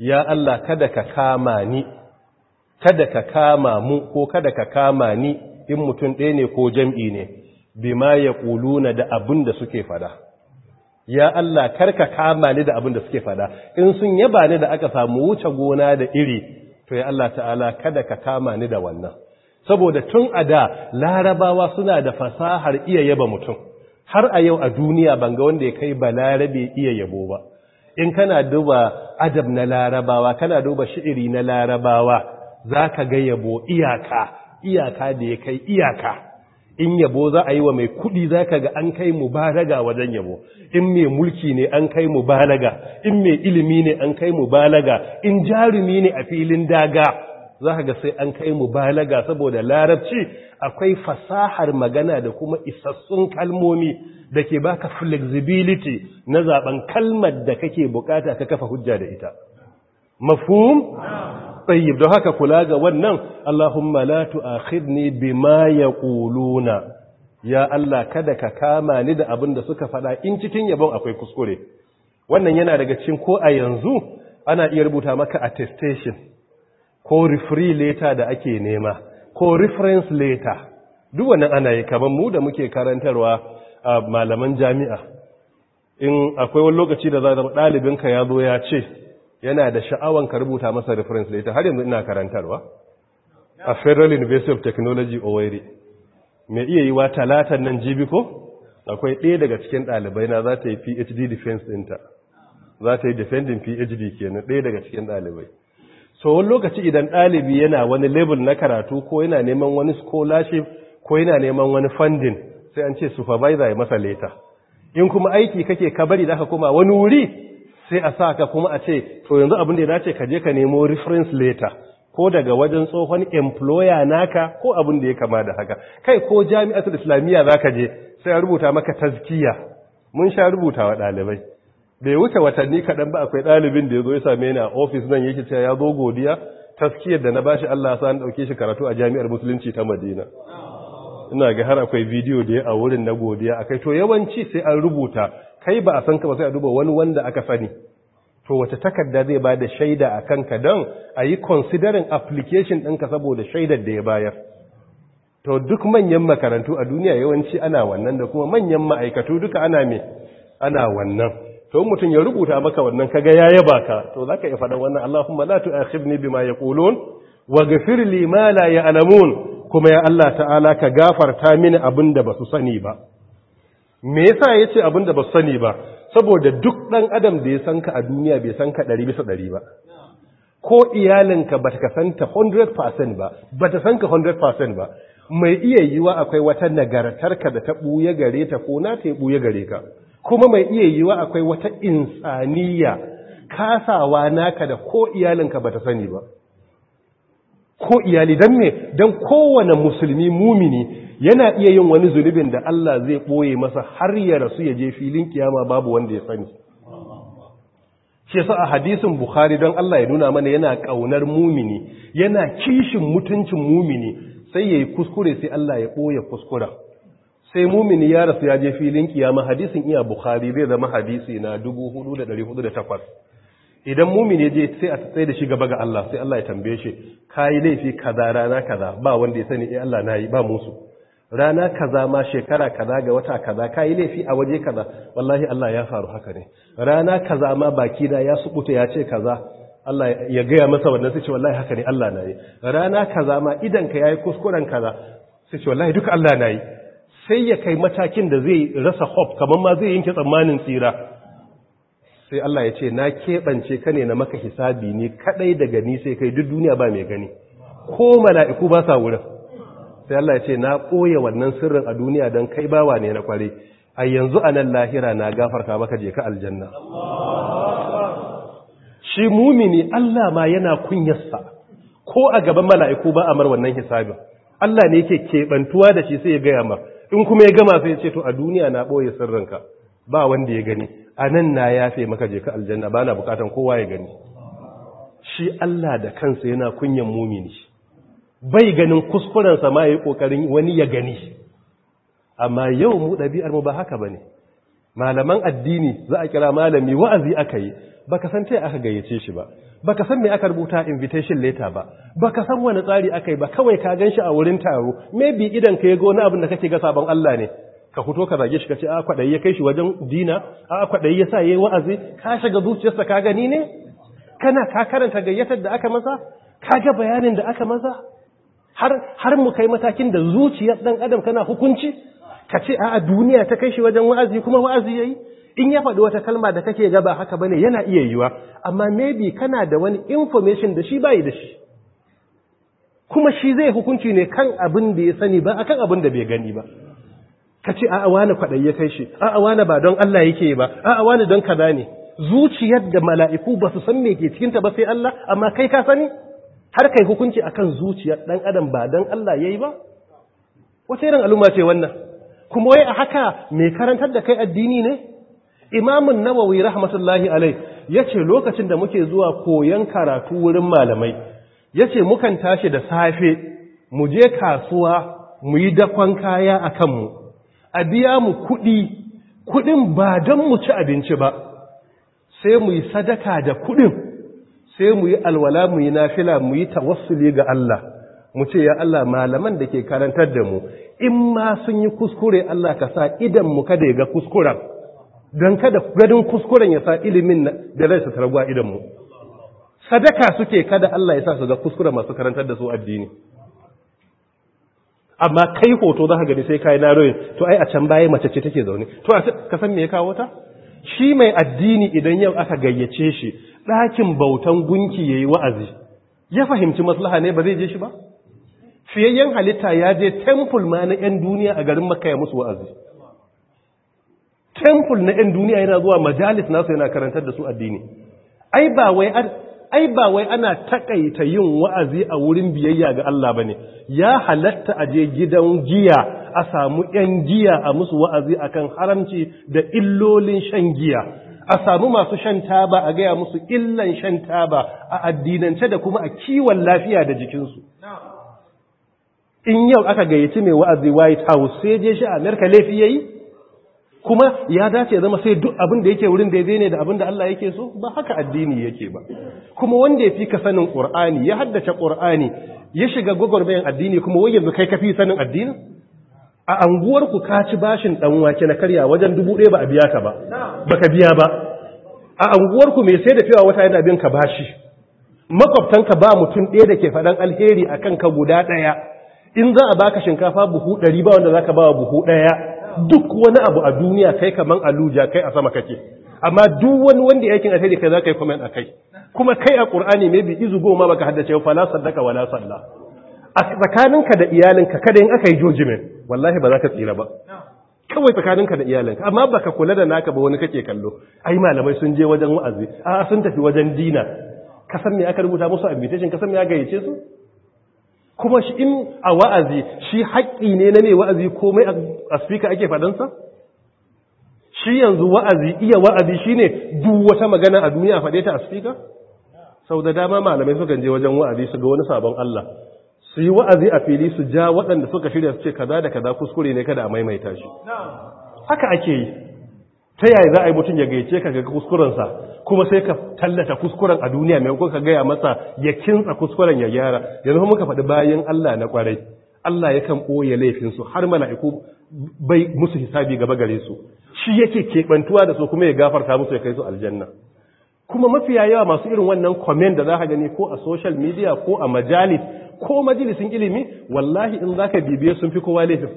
ya Allah kada ka kama ni kada ka kama mu ko kada ka kama ni in mutum ɗaya ne ko jam'i ne bima yaquluna da abin da suke fada ya Allah karka kama ni da abin da suke fada in sun yaba ni da aka samu wuce gona da iri to ya Allah ta'ala kada ka kama ni da wannan saboda tun a da larabawa suna da fasahar iya yaba mutum har a yau a duniya ban ga wanda ya kai ba larabe iya yabo ba in kana duba adab na larabawa kana duba shi'iri na larabawa za ka ga yabo iyaka iyaka da ya kai iyaka in yabo za a yi wa mai kudi za ka ga an kai mu balaga wajen yabo in mai mulki ne an kai mu balaga. in mai ilimi ne an kai mu balaga. in jarumi ne a filin daga za ka ga sai an kai mu balaga saboda larabci akwai fasahar magana da kuma isassun kalmomi da ke baka flexibility na zaben kalmar da kake bukata ka kafa hujja da ita mafhum tsayyib don haka kula ga wannan Allahumma la tu'akhidni bima yaquluna ya Allah kada ka kama ni da abin da suka faɗa in cikin yabon akwai kuskure wannan yana daga cikin ko a yanzu ana iya rubuta maka attestation ko referee letter da ake nema ko reference letter duk wannan ana yi kamar mu da muke karantarwa a malaman jami'a in akwai wani lokaci da za a ɗalibinka ya zo ya ce yana da sha'awan ka rubuta masa reference letter har yanzu ina karantarwa a Federal University of Technology Owerri mai iya yi wa talatan nan jibi ko akwai ɗaya daga cikin ɗalibai na za ta yi PhD defense ɗinta za ta yi defending PhD kenan ɗaya daga cikin ɗalibai so wani lokaci idan ɗalibi yana wani level na karatu ko yana neman wani scholarship ko yana neman wani funding sai an ce supervisor ya masa leta in kuma aiki kake kabari da aka koma wani wuri sai a sa ka kuma a ce to yanzu abin da ya dace ka je ka nemo reference letter ko daga wajen tsohon employer naka ko abin da ya kama da haka kai ko jami'atul islamiyya zaka je sai a rubuta maka tazkiya mun sha rubuta wa dalibai bai wuce watanni kaɗan ba akwai ɗalibin da ya zo ya same ni a ofis nan yake cewa ya zo godiya taskiyar da na bashi Allah sa an dauke shi karatu a jami'ar musulunci ta Madina ina ga har akwai bidiyo da ya a wurin na godiya akai to yawanci sai an rubuta kai ba a san ka ba sai a duba wani wanda aka sani to wace takarda zai ba da shaida a kanka don a yi considering application ɗinka saboda shaidar da ya bayar to duk manyan makarantu a duniya yawanci ana wannan da kuma manyan ma'aikatu duka ana me ana wannan to mutum ya rubuta maka wannan kaga ya yaba ka to za ka iya faɗa wannan Allahumma la tu'akhibni bima yaqulun waghfir li ma la ya'lamun kuma ya Allah ta'ala ka gafarta mini abin da basu sani ba me yasa ce abin da ba sani ba saboda duk dan adam da ya san ka a duniya bai san ka 100 bisa 100 ba ko iyalinka ba ta san ta 100% ba ba ta san ka 100% ba mai iya yiwa akwai wata nagartar ka da ta buye gare ta ko na ta buye gare ka kuma mai iya yiwa akwai wata insaniya kasawa naka da ko iyalinka ba ta sani ba ko iyali don me don kowane musulmi mumini yana iya yin wani zunubin da Allah zai ɓoye masa har ya rasu ya je filin kiyama babu wanda ya sani shi yasa a hadisin bukhari don Allah ya nuna mana yana ƙaunar mumini yana kishin mutuncin mumini sai ya yi kuskure sai Allah ya ɓoye kuskura sai mumini ya rasu ya je filin kiyama hadisin iya bukhari zai zama hadisi na 4408 idan mumini je sai a tsaye da shi gaba ga Allah sai Allah ya tambaye shi ka yi laifi kaza rana kaza ba wanda ya sani eh Allah na yi ba musu rana kaza ma shekara kaza ga wata kaza kai laifi a waje kaza wallahi Allah ya faru haka ne rana kaza ma baki da ya subuta ya ce kaza Allah ya gaya masa wannan sai ce wallahi haka ne Allah nayi rana kaza ma idan ka yayi kuskuren kaza sai ce wallahi duka Allah nayi sai ya kai matakin da zai rasa hope kaman ma zai yanke tsammanin tsira sai Allah ya ce na keɓance ka ne na maka hisabi ne kadai daga ni sai kai duk duniya ba mai gani ko mala'iku ba sa wurin sai Allah ya ce na koye wannan sirrin a duniya don kai bawa ne na kware a yanzu a nan lahira na gafarta maka je ka aljanna shi mumini Allah ma yana kunyarsa ko a gaban mala'iku ba a mar wannan hisabin Allah ne ke keɓantuwa da shi sai ya gaya ma. in kuma ya gama sai ya ce to a duniya na ɓoye sirrinka ba wanda ya gani a nan na yafe maka je ka aljanna ba na bukatan kowa ya gani shi Allah da kansa yana kunyan mumini bai ganin kuskurensa ma ya yi ƙoƙarin wani ya gani amma yau mu ɗabi'armu ba haka ba ne malaman addini za a kira malami wa'azi aka yi ba ka san ta aka gayyace shi ba ba ka san mai aka rubuta invitation letter ba ba ka san wani tsari aka yi ba kawai ka gan shi a wurin taro maybe idan ka yi ga wani abin da kake ga sabon Allah ne ka fito ka zage shi ka ce a kwaɗayi ya kai shi wajen dina a kwaɗayi ya sa ya yi wa'azi ka shiga zuciyarsa ka gani ne kana ka karanta gayyatar da aka masa ka ga bayanin da aka maza har mu kai matakin da zuciyar ɗan adam kana hukunci ka ce a duniya ta kai shi wajen wa'azi kuma wa'azi ya yi? in ya faɗi wata kalma da kake gaba haka bane yana iya yiwa amma maybe kana da wani information da shi bai da shi kuma shi zai hukunci ne kan abin da ya sani ba akan abin da bai gani ba ka ce a'a wani kwaɗayi kai shi a'a wani ba don Allah yake ba a wani don kaza ne zuciyar da mala'iku ba su san me ke cikinta ba sai Allah amma kai ka sani har kai hukunci a kan zuciyar dan adam ba dan Allah yayi ba wata irin al'umma ce wannan kuma wai a haka mai karantar da kai addini ne imamun nawawi rahmatullahi alai yace lokacin da muke zuwa koyan karatu wurin malamai yace mukan tashi da safe mu je kasuwa mu yi dakon kaya a kanmu a biya mu kuɗi kuɗin ba don mu ci abinci ba sai mu yi sadaka da kuɗin sai mu yi alwala mu yi nafila mu yi tawassuli ga Allah mu ce ya Allah malaman da ke karantar da mu in ma sun yi kuskure Allah ka sa idan mu kada ya ga kuskuren don kada gadin kuskuren ya sa ilimin da zai su targuwa idan mu sadaka suke kada Allah ya sa su ga kuskuren masu karantar da su addini amma kai hoto za ka gani sai kai naroyin to ai a can baya mace ce take zaune to ka san me ya kawo ta shi mai addini idan yau aka gayyace shi ɗakin bautan gunki ya yi wa'azi ya fahimci maslaha ne ba zai je shi ba fiyayyen halitta ya je temple ma na 'yan duniya a garin makka ya musu wa'azi temple na 'yan duniya yana zuwa majalis nasu yana karantar da su addini ai ba wai ana takaita yin wa'azi a wurin biyayya ga Allah ba ne, ya halatta a je gidan giya a samu ‘yan giya a musu wa'azi a kan haramci da illolin shan giya, a samu masu shan taba a gaya musu illan shan taba a addinance da kuma a kiwon lafiya da jikinsu in yau aka gayyaci mai wa'azi white house sai je shi a amerika laifi ya yi? kuma ya dace zama sai duk abin da yake wurin daidai ne da abin da Allah yake so ba haka addini yake ba kuma wanda ya fi ka sanin qur'ani ya haddace qur'ani ya shiga gwagwarmayan addini kuma wai yanzu kai ka fi sanin addinin a anguwar ka ci bashin dan wake na karya wajen dubu ɗaya ba a biya ka ba baka biya ba a anguwar ku mai sai da fiwa wata yana bin ka bashi makwabtanka ba mutum ɗaya da ke faɗan alheri a ka guda ɗaya in za a baka shinkafa buhu ɗari ba wanda za ka ba buhu ɗaya duk wani abu a duniya kai kaman aluja kai a sama kake amma duk wani wanda yakin alheri kai za ka yi comment a kai kuma kai a ƙur'ani maybe izu goma baka haddace fala sadaka wala sallah a tsakaninka da iyalinka kada in aka yi jojimin wallahi ba za ka tsira ba kawai tsakaninka da iyalinka amma baka kula da naka ba wani kake kallo ai malamai sun je wajen wa'azi a sun tafi wajen dina ka san me aka rubuta musu invitation ka san me ya gayyace su kuma shi in a wa'azi shi haƙƙi ne na mai wa'azi komai a speaker ake fadansa shi yanzu wa'azi iya wa'azi shine duk wata magana a duniya a fade ta a speaker sau da dama malamai sukan je wajen wa'azi su ga wani sabon Allah su yi wa'azi a fili su ja waɗanda suka shirya su ce kaza da kaza kuskure ne kada a maimaita shi haka ake yi ta yaya za a yi mutum ya gaice ka ga kuskurensa kuma sai ka tallata kuskuren a duniya mai kuka gaya masa ya kintsa kuskuren ya gyara yanzu ka faɗi bayan Allah na ƙwarai. Allah ya kan ɓoye laifinsu har mana iku bai musu hisabi gaba gare su shi yake keɓantuwa da su kuma ya gafarta musu ya kai su aljanna kuma mafiya yawa masu irin wannan comment da za ka gani ko a social media ko a majalis ko majalisin ilimi wallahi in za ka bibiye sun fi kowa laifin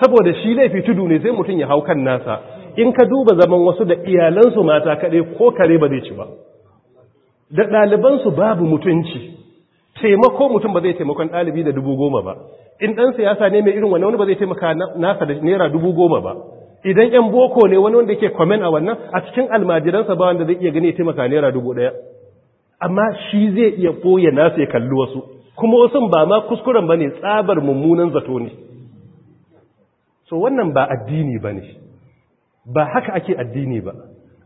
saboda shi laifi tudu ne sai mutum ya hau kan nasa in ka duba zaman wasu da iyalansu mata kaɗai ko kare ba zai ci ba da ɗalibansu babu mutunci taimako mutum ba zai taimakon ɗalibi da dubu goma ba in ɗan siyasa ne mai irin wani wani ba zai taimaka nasa da naira dubu goma ba idan yan boko ne wani wanda yake komen a wannan a cikin almajiransa ba wanda zai iya gani ya taimaka naira dubu ɗaya amma shi zai iya ɓoye nasu ya kalli wasu kuma wasu ba ma kuskuren ba ne tsabar mummunan zato ne so wannan ba addini ba ne ba haka ake addini ba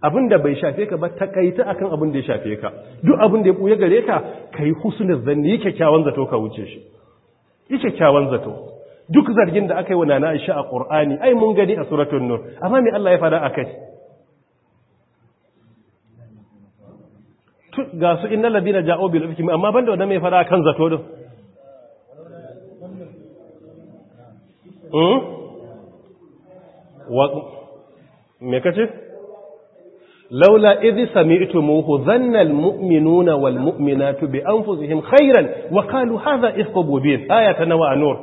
abin da bai shafe ka ba takaita akan abin da ya shafe ka duk abin da ya buya gare ka kai husnul zanni kyakkyawan zato ka wuce shi kyakkyawan zato duk zargin da aka yi wa nana Aisha a Qur'ani ai mun gani a suratun Nur amma me Allah ya fada akai ga su innal ladina ja'u bil ifki amma banda wannan me fada kan zato din hmm wa me kace laula idh sami'tumuhu dhanna al mu'minuna wal mu'minatu bi anfusihim khairan wa qalu hadha ifqu mubin ayatan wa nur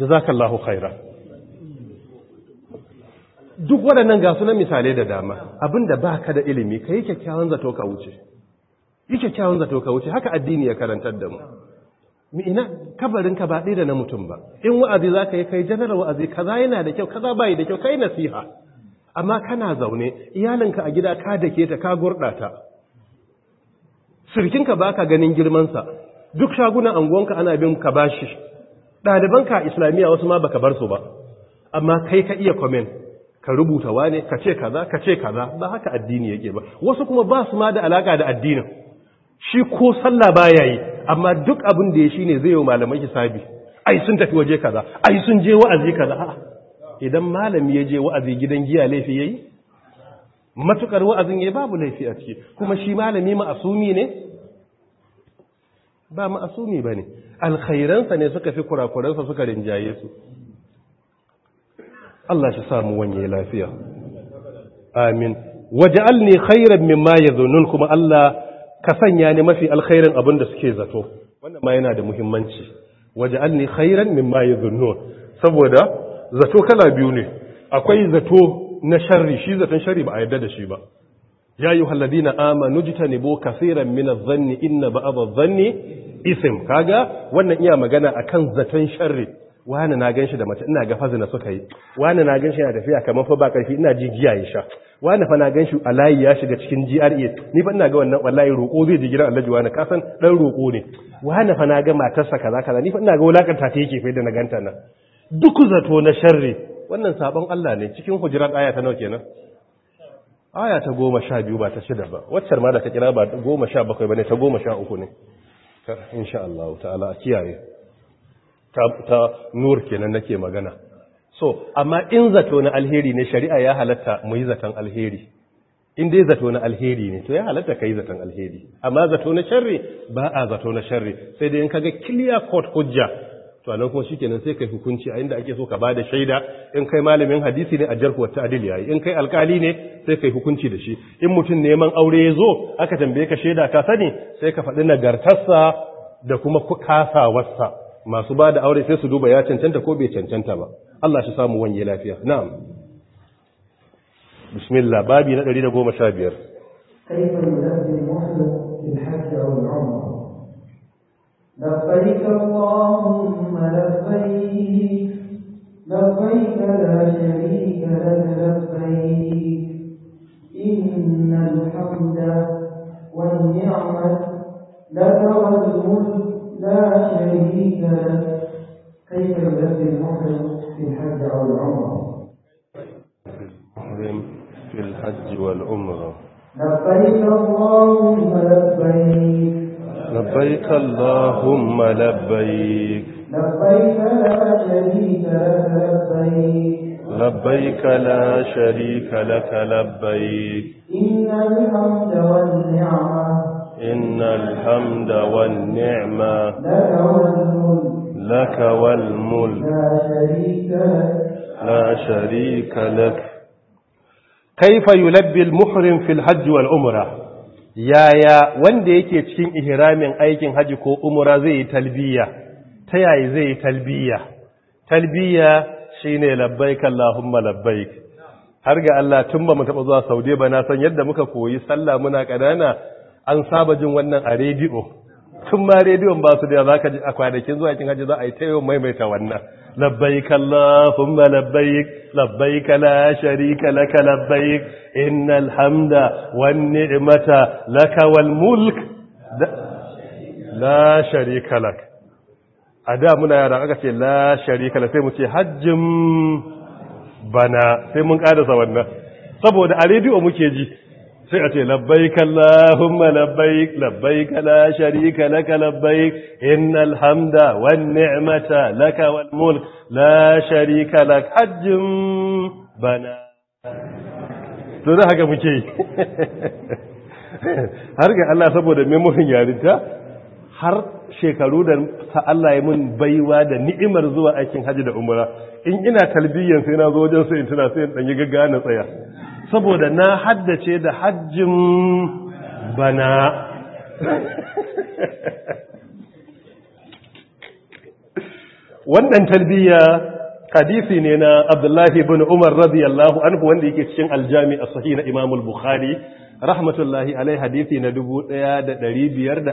jazakallahu khaira duk waɗannan ga na misalai da dama abinda ba ka da ilimi ka yi kyakkyawan zato ka wuce yi kyakkyawan zato ka wuce haka addini ya karantar da mu ina kabarin ka ba ɗaya da na mutum ba in wa'azi za yi kai janar wa'azi kaza yana da kyau kaza bayi da kyau kai nasiha amma kana zaune iyalinka a gida ka dake ta ka gurɗa ta sirkinka ba ka ganin girmansa duk shagunan anguwanka ana bin ka bashi ɗalibanka islamiyya wasu ma baka bar su ba amma kai ka iya kwamen ka rubuta wane ka ce kaza ka ce kaza ba haka addini yake ba wasu kuma ba su ma da alaka da addinin shi ko sallah baya yi amma duk abin da ya shine zai yi malamai hisabi ai sun tafi waje kaza ai sun je wa'azi kaza idan malami ya je wa'azi gidan giya laifi yayi matukar wa'azin yayi babu laifi a ciki kuma shi malami ma'asumi ne ba ma'asumi bane alkhairansa ne suka fi kurakuransa suka rinjaye su Allah shi samu wanye lafiya amin waj'alni khairan mimma yadhunnun kuma Allah ka sanya ni mafi alkhairin abin da suke zato wannan ma yana da muhimmanci waj'alni khairan mimma yadhunnun saboda zato kala biyu ne akwai zato na sharri shi zaton sharri ba a yarda da shi ba ya yi halladina amanu ta kaseeran kasiran adh-dhanni inna ba adh Isim, ism kaga wannan iya magana akan zaton shari. wani na shi da mace ina ga fazina suka yi wani na shi yana tafiya kamar fa ba karfi ina ji giya ya sha wani fa na ganshi a ya shiga cikin GRA ni fa ina ga wannan wallahi roko zai ji gidan Alhaji wani kasan dan roko ne wani fa na ga matarsa kaza kaza ni fa ina ga wulakanta ta yake fa da na ganta nan duk zato na sharri wannan sabon Allah ne cikin hujurat aya ta nawa kenan aya ta goma sha biyu ba ta shida ba waccar ma da ta kira ba goma sha bakwai ba ne ta goma sha uku ne sha Allah ta'ala kiyaye ta nur kenan nake magana so amma in zato na alheri ne shari'a ya halatta mu yi zaton alheri in dai zato na alheri ne to ya halatta ka yi zaton alheri amma zato na sharri ba a zato na sharri sai dai in kaga clear court hujja to anan kuma shikenan sai kai hukunci a inda ake so ka bada shaida in kai malamin hadisi ne a jarhu wa ta'dil yayi in kai alkali ne sai kai hukunci da shi in mutum neman aure ya zo aka tambaye ka shaida ka sani sai ka faɗi nagartarsa da kuma kasawarsa masu bada aure sai su duba ya cancanta ko bai cancanta ba Allah shi samu wani lafiya na'am bismillah babi na 115 da goma sha bil wal umrah لبيك اللهم لبيك لبيك لا شريك لك لبيك إن الحمد والنعمة لك والملك لا شريك لك كيف يلبي المحرم في الحج أو العمرة؟ في الحج والعمرة لبيك اللهم لبيك لبيك اللهم لبيك لبيك لا شريك لك لبيك لبيك لا شريك لك لبيك إن الحمد والنعمة إن الحمد والنعمة لك والملك لك والملك لا شريك لك لا شريك لك كيف يلبي المحرم في الحج والعمره yaya wanda yake cikin ihramin aikin haji ko umura zai yi talbiya ta yayi zai yi talbiya talbiya shine labbaik allahumma labbaik har ga Allah tun ba mu taba zuwa Saudi ba na san yadda muka koyi sallah muna kadana an saba jin wannan a rediyo tun ma rediyon ba su da zaka ji a kwanakin zuwa aikin haji za a yi ta yau maimaita wannan لبيك اللهم لبيك لبيك لا شريك لك لبيك إن الحمد والنعمة لك والملك لا شريك لك أدا منا يا رأيك لا شريك لك سيمتي حجم bana sai mun ƙarasa wannan saboda a rediyo muke ji sai a ce labbaik Allahumma labbaik labbaik la sharika laka labbaik innal hamda wan ni'mata laka wal mulk la sharika lak hajjin bana to da haka muke har ga Allah saboda memorin yarinta har shekaru da ta Allah ya mun baiwa da ni'imar zuwa aikin hajji da umra in ina talbiyyan sai na zo wajen sai in tuna sai in yi gaggawa na tsaya saboda na haddace da hajjin bana wannan talbiya hadisi ne na abdullahi bin umar radiyallahu anhu wanda yake cikin aljami a sahi na imamul bukhari rahmatullahi alai hadisi na 1549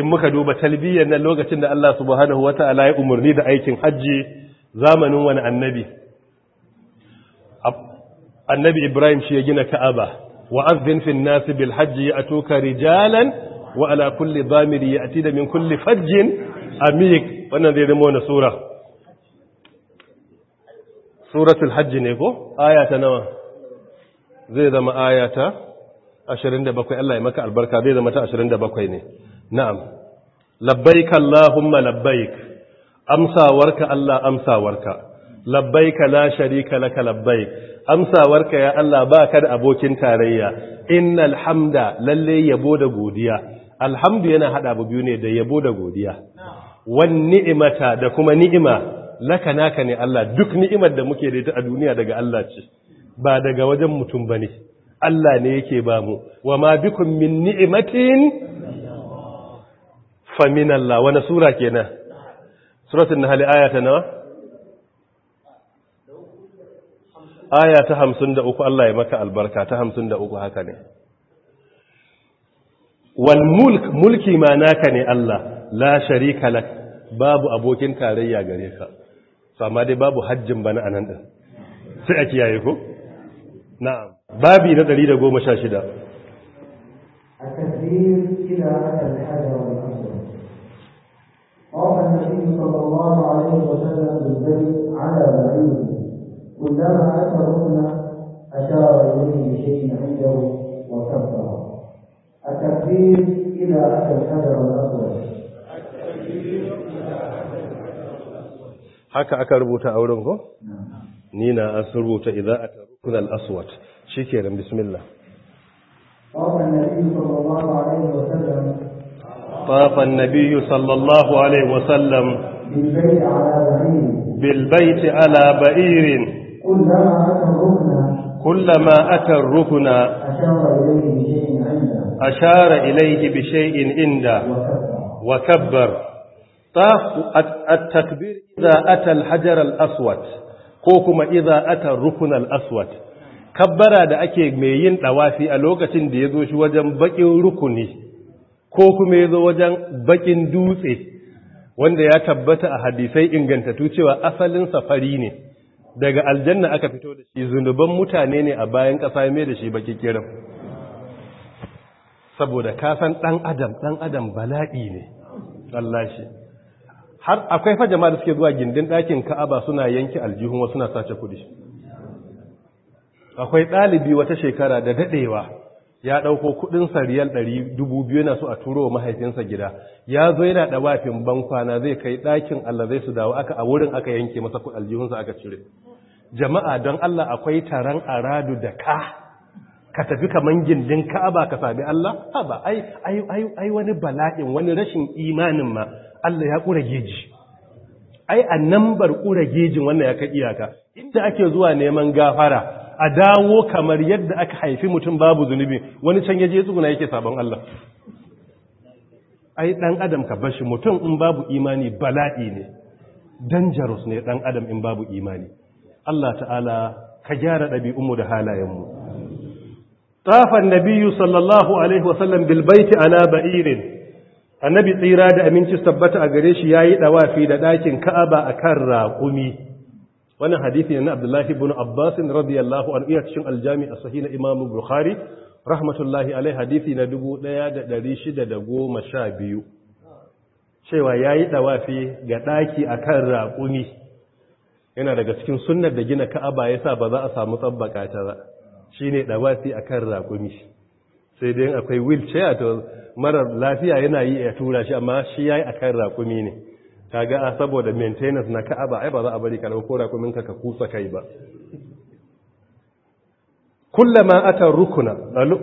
in muka duba talbiyyar nan lokacin da Allah subhanahu ta'ala ya umarni da aikin hajji zamanin wani annabi النبي إبراهيم شيجنا كأبا وأذن في الناس بالحج يأتوك رجالا وعلى كل ضامر يأتيد من كل فج أميك ذي ذمون سورة سورة الحج نيكو آيات نوا ذي ذم آيات أشرين دبكوي الله يمكى البركة ذي ذمت أشرين دبكوي نعم لبيك اللهم لبيك أمسى ورك الله أمسى ورك لبيك لا شريك لك لبيك amsawarka ya Allah ba ka da abokin tarayya innal hamda lalle yabo da godiya alhamdu yana hada abu biyu ne da yabo da godiya wan ni'imata da kuma ni'ima laka naka ne Allah duk ni'imar da muke da ita a duniya daga Allah ce ba daga wajen mutum bane Allah ne yake ba mu wa ma bikum min ni'matin fa min Allah wani sura kenan suratul nahl ayata nawa aya ta hamsin da uku Allah ya maka albarka ta hamsin da uku haka ne wal mulk mulki ma naka ne Allah la sharika lak babu abokin tarayya gare ka to amma dai babu hajjin bana anan din sai a kiyaye ko na'am babi na 116 التكبير إلى أتى الحجر الأسود قال النبي صلى الله عليه وسلم بالبيت على بعيد كلما الركن أشار إليه بشيء عنده وكبر التكبير نعم. إذا أتى الحجر الأسود haka aka rubuta a wurin ko? ni na an sun rubuta idan طاف النبي al'aswat shi ke وسلم bismillah النبي صلى الله عليه وسلم بالبيت على بعير كلما أتى الركن أشار إليه بشيء عنده وكبر طاف التكبير إذا أتى الحجر الأسود كوكما إذا أتى الركن الأسود kabbara da ake mai yin ɗawafi a lokacin da ya zo shi wajen bakin rukuni ko kuma ya zo wajen baƙin dutse wanda ya tabbata a hadisai ingantattu cewa asalinsa fari ne daga aljanna aka fito da shi zunuban mutane ne a bayan ƙasa mai da shi baki kiran saboda kasan ɗan adam ɗan adam bala'i ne Allah har akwai fa jama'a da suke zuwa gindin ɗakin ka'aba suna yanki aljihun wasu suna sace kuɗi akwai ɗalibi wata shekara da daɗewa ya ɗauko kuɗinsa riyal ɗari dubu biyu na so a turo wa mahaifinsa gida ya zo yana wafin bankwana zai kai ɗakin Allah zai su dawo aka a wurin aka yanke masa kuɗin aljihunsa aka cire jama'a don Allah akwai taron aradu da ka ka tafi kaman gindin ba ka sami Allah ba ai wani bala'in wani rashin imanin ma Allah ya kura geji ai a nambar ƙura gejin wannan ya kai iyaka inda ake zuwa neman gafara a dawo kamar yadda aka haifi mutum babu zunubi wani can yaje tsuguna yake sabon Allah ai dan adam ka bashi mutum in babu imani bala'i ne dangerous ne dan adam in babu imani Allah ta'ala ka gyara mu da halayen mu tafa nabiyyu sallallahu alaihi wa sallam bil baiti ala ba'irin annabi tsira da aminci tabbata a gare shi yayi dawafi da dakin ka'aba akan raƙumi wannan hadisi ne na Abdullahi ibn Abbas radiyallahu anhu ya cikin aljami a sahih na Imam Bukhari rahmatullahi alaihi hadisi na 1612 cewa yayi dawafi ga daki akan raƙumi yana daga cikin sunnar da gina Ka'aba yasa ba za a samu tsabbaka ta ba shine dawafi akan raƙumi sai dai akwai wheelchair to marar lafiya yana yi ya tura shi amma shi yayi akan raƙumi ne kaga ah, saboda maintenance na ka'aba ai ba za a bari ka dauko rakumin ka ka kusa kai ba kullama ata rukuna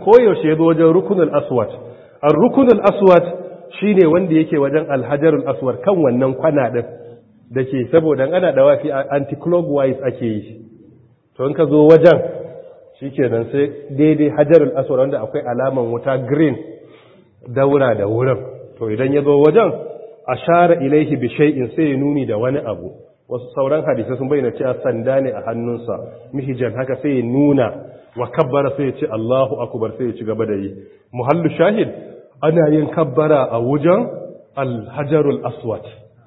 koyaushe yazo wajen rukunul aswad ar-rukunul aswad shine wanda yake wajen al-hajarul aswad kan wannan kwana din dake saboda ana dawafi anti-clockwise ake yi to in ka zo wajen shikenan sai daidai hajarul aswad wanda akwai alaman wuta green daura da wurin to idan yazo wajen ashara ilaihi bi shay'in sai ya nuni da wani abu wasu sauran hadisi sun bayyana cewa sanda ne a hannunsa mihijan haka sai ya nuna wa kabbara sai ya ce Allahu akbar sai ya ci gaba da yi muhallu shahid ana yin kabbara a wajen Alhajarul hajarul aswad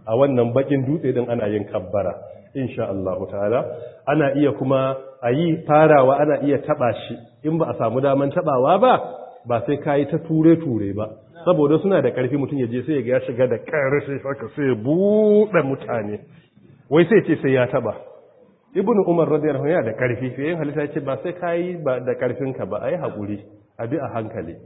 a wannan bakin dutse din ana yin kabbara insha allahu ta'ala ana iya kuma a yi farawa ana iya taba shi in ba a samu daman tabawa ba ba sai kai ta ture ture ba saboda suna da ƙarfi mutum ya je sai ya shiga da ƙarfi saka sai buɗe mutane wai sai ce sai ya taba Ibn umar radiyallahu anhu yana da ƙarfi sai yin halitta yace ba sai kai ba da ƙarfin ka ba ai hakuri abi a hankali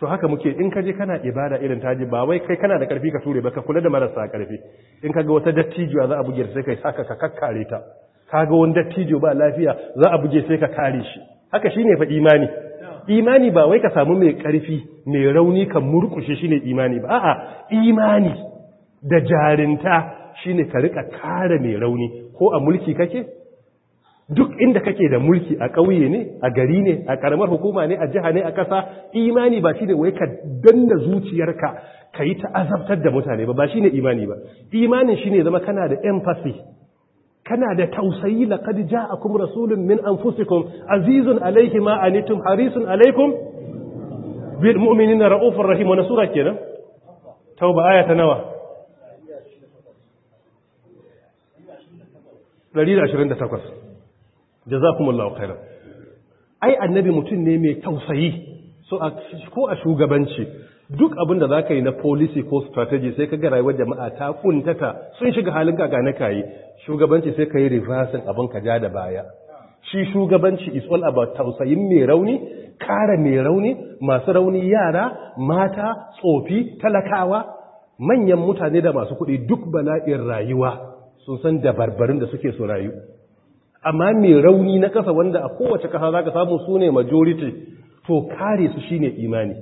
so haka muke in ka je kana ibada irin taji ba wai kai kana da ƙarfi ka ture ba ka kula da marasa ƙarfi in kaga wata dattijuwa za a buge sai kai saka ka kakkare ta kaga wani dattijo ba lafiya za a buge sai ka kare shi haka shine fa imani imani ba wai ka samu mai ƙarfi mai rauni kan murkushe shine imani ba a'a imani da jarinta shine ka rika kare mai rauni ko a mulki kake duk inda kake da mulki a ƙauye ne a gari ne a ƙaramar hukuma ne a jiha ne a ƙasa imani ba shine wai ka danna zuciyarka ka yi ta azabtar da mutane ba ba shine imani ba imanin shine zama kana da empathy kana da tausayi laqad ja'akum rasulun min anfusikum azizun alayhi ma anitum harisun alaykum bil mu'minina raufur rahim wannan sura kenan tauba aya ta nawa 128 jazakumullahu khairan ai annabi mutum ne mai tausayi so ko a shugabanci duk abin da za ka yi na policy ko strategy sai ka ga rayuwar jama'a ta kuntata sun shiga halin gaga na kayi shugabanci sai ka yi reversing abin ka ja da baya shi shugabanci is all about tausayin mai rauni kara mai rauni masu rauni yara mata tsofi talakawa manyan mutane da masu kuɗi duk bala'in rayuwa sun san dabarbarin da suke su rayu amma mai rauni na ƙasa wanda a kowace ƙasa za ka samu su ne majority to kare su shine imani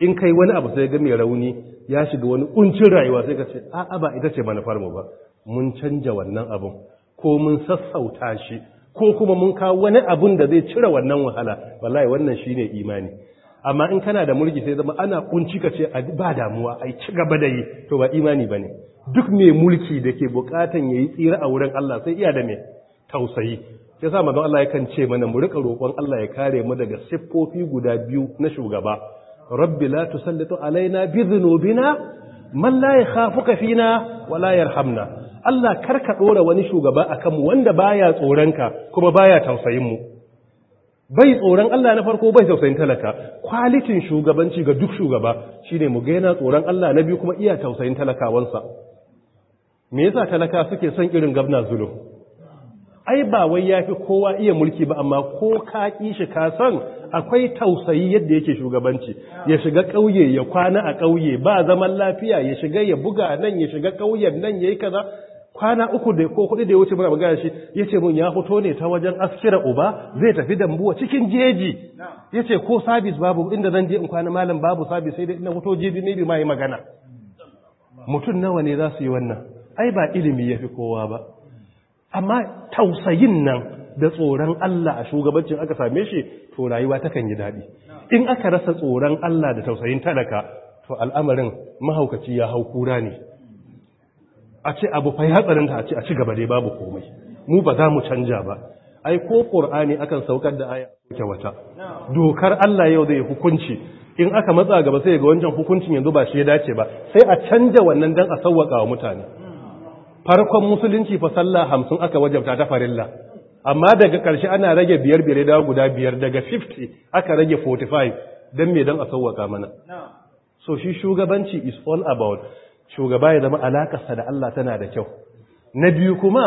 in kai wani abu sai ga mai rauni ya shiga wani kuncin rayuwa sai ka ce a'a ba ita ce manufar mu ba mun canja wannan abun ko mun sassauta shi ko kuma mun kawo wani abun da zai cire wannan wahala wallahi wannan shine imani amma in kana da murgi sai zama ana kunci ka ce ba damuwa ai ci gaba da yi to ba imani bane duk mai mulki da ke bukatan yayi tsira a wurin Allah sai iya da me tausayi yasa manzon Allah yakan ce mana mu rika roƙon Allah ya kare mu daga siffofi guda biyu na shugaba rabbi la tusallitu alaina bi dhunubina man la yakhafuka fina wa la yarhamna Allah karka dora wani shugaba akan mu wanda baya tsoronka kuma baya tausayin mu bai tsoron Allah na farko bai tausayin talaka kwalitin shugabanci ga duk shugaba shine mu ga yana tsoron Allah na biyu kuma iya tausayin talakawansa me yasa talaka suke son irin gwamna zulu ai ba wai yafi kowa iya mulki ba amma ko ka kishi ka san akwai tausayi yadda yake shugabanci ya shiga ƙauye ya kwana a ƙauye ba zaman lafiya ya shiga ya buga nan ya shiga ƙauyen nan ya yi kaza kwana uku da ko da ya wuce muna buga shi ya ce mun ya fito ne ta wajen askira uba zai tafi dambuwa cikin jeji ya ce ko sabis babu inda zan je in kwana malam babu sabis sai da ina fito jeji ne bi ma magana mutum nawa ne za su yi wannan ai ba ilimi ya fi kowa ba amma tausayin nan da tsoron Allah a shugabancin aka same shi to rayuwa takan yi daɗi in aka rasa tsoron Allah da tausayin talaka to al'amarin mahaukaci ya hau kura ne a ce abu fa hatsarinta a ce a ci gaba dai babu komai mu ba za mu canja ba ai ko qur'ani akan saukar da aya kuke wata dokar Allah yau zai hukunci in aka matsa gaba sai ga wancan hukuncin yanzu ba shi ya dace ba sai a canja wannan dan a sauwaka wa mutane farkon musulunci fa sallah 50 aka wajabta ta farilla amma daga ƙarshe ana rage biyar biyar da guda biyar daga 50 aka rage 45 don mai don a sauwaka mana so shi shugabanci is all about shugaba ya zama alakarsa da Allah tana da kyau na biyu kuma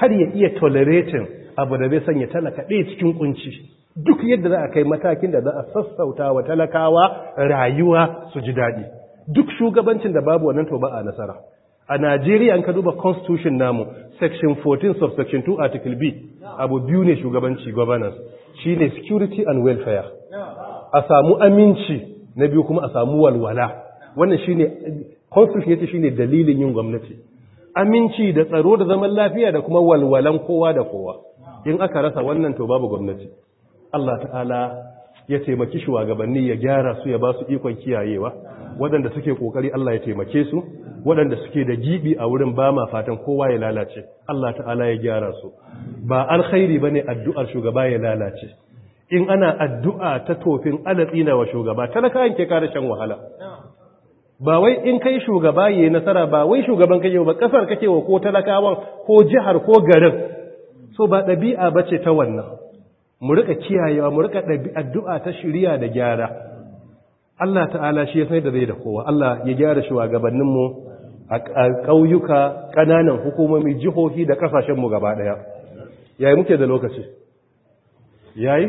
kar ya iya tolerating abu da zai sanya talaka ɗaya cikin kunci duk yadda za a kai matakin da za a sassauta wa talakawa rayuwa su ji daɗi duk shugabancin da babu wannan to ba a nasara a Najeriya an ka duba constitution namu section 14 subsection 2 article B abu biyu ne shugabanci governance shine security and welfare a samu aminci na biyu kuma a samu walwala wannan shi ne constitution yace ne dalilin yin gwamnati aminci da tsaro da zaman lafiya da kuma walwalan kowa da kowa in aka rasa wannan to babu gwamnati Allah ta'ala ya taimaki shugabanni ya gyara su ya ba su ikon kiyayewa waɗanda suke kokari Allah ya taimake su waɗanda suke da gibi a wurin ba ma fatan kowa ya lalace Allah ta'ala ya gyara su ba alkhairi bane addu'ar shugaba ya lalace in ana addu'a ta tofin alatsina wa shugaba talakawan ke ka shan wahala ba wai in kai shugaba yayi nasara ba wai shugaban kake ba kasar kake wa ko talakawan ko jihar ko garin so ba ɗabi'a bace ta wannan mu rika kiyayewa mu rika addu'a ta shiriya da gyara Allah ta'ala shi ya san da zai da kowa Allah ya gyara shi wa gabanin mu a ƙauyuka kananan hukumomi jihohi da kasashen mu gaba ɗaya yayi muke da lokaci yayi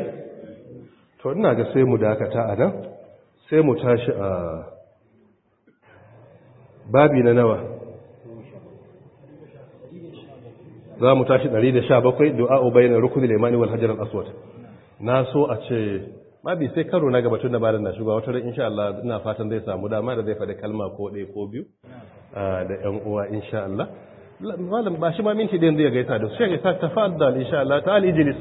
to ina ga sai mu dakata a nan sai mu tashi a babi na nawa za mu tashi 117 du'a bayna rukun al-imani wal hajar al-aswad na so a ce ma bi sai karo na gaba tun da ba na shugaba wata ran insha Allah ina fatan zai samu dama da zai faɗi kalma ko ɗaya ko biyu da ƴan uwa insha Allah malam ba shi ma minti da zai gaisa da shi ta tafaddal insha Allah ta'al ijlis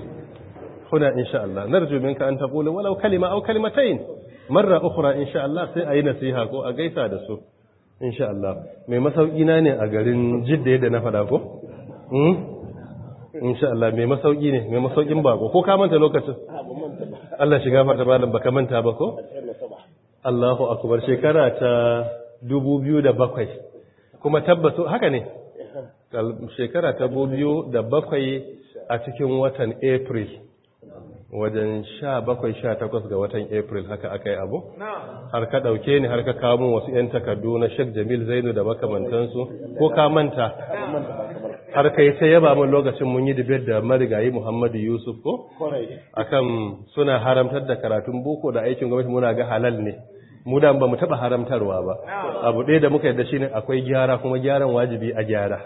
huna insha Allah narju minka an taqulu walau kalima aw kalimatayn marra ukhra insha Allah sai ayi nasiha ko a gaisa da su insha Allah mai masauki na ne a garin Jidda yadda na faɗa ko Hmm? insha Allah mai masauki ne mai masaukin bako ko ka manta lokacin Allah shiga fata malam baka manta ba ko Allahu akbar shekara ta 2007 kuma tabbaso haka ne eh, shekara ta 2007 a cikin watan April wajen 17-18 ga watan April haka aka yi abu har ka ɗauke ni har ka kamun wasu 'yan takardu na Sheikh Jamil Zainu da mantansu ko ka manta har kai ta yaba mun lokacin mun yi dibet da marigayi Muhammadu Yusuf ko akan suna haramtar da karatun boko da aikin gwamnati muna ga halal ne mu da ba mu taba haramtarwa ba abu ɗaya da muka yadda shine akwai gyara kuma gyaran wajibi a gyara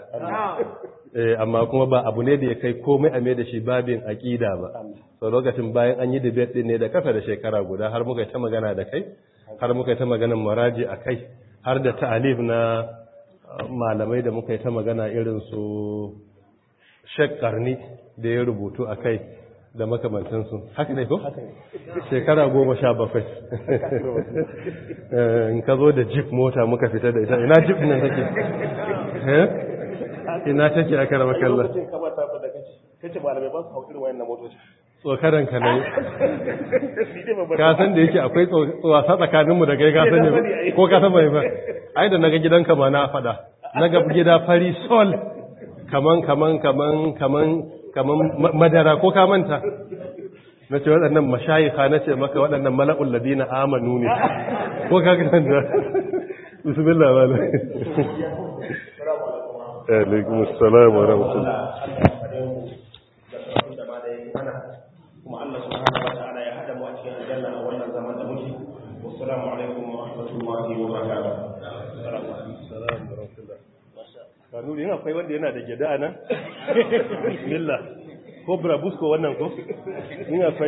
eh, amma kuma ba abu ne da ya kai komai a mai da shi babin akida ba sau lokacin bayan an yi dibet ɗin ne da kafa da shekara guda har muka yi ta magana da kai har muka yi ta maganar maraji a kai har da ta'alif na malamai da muka yi ta magana irin su shekarni da ya rubutu a kai da makamantansu haka ne ko? shekara goma sha bakwai eh, in ka zo da jeep mota muka fita da ita ina jeep nan take eh? ina take a karamakalla tsokaran ka ne kasan da yake akwai wasa tsakaninmu da kai kasan ne ko kasan mai ba ai da naga gidanka ma na fada naga gida fari sol kaman kaman kaman kaman kaman madara ko ka manta na ce waɗannan mashayika na ce maka waɗannan mala'ul ladina amanu ne ko ka gidan da bismillah wala alaikum assalam wa rahmatullah kuma Allah subhanahu wa ta'ala ya hada mu a cikin aljanna a wannan zaman da muke wassalamu alaikum wa rahmatullahi wa barakatuh ka nuri akwai wanda yana da gida nan milla ko brabusko wannan ko yin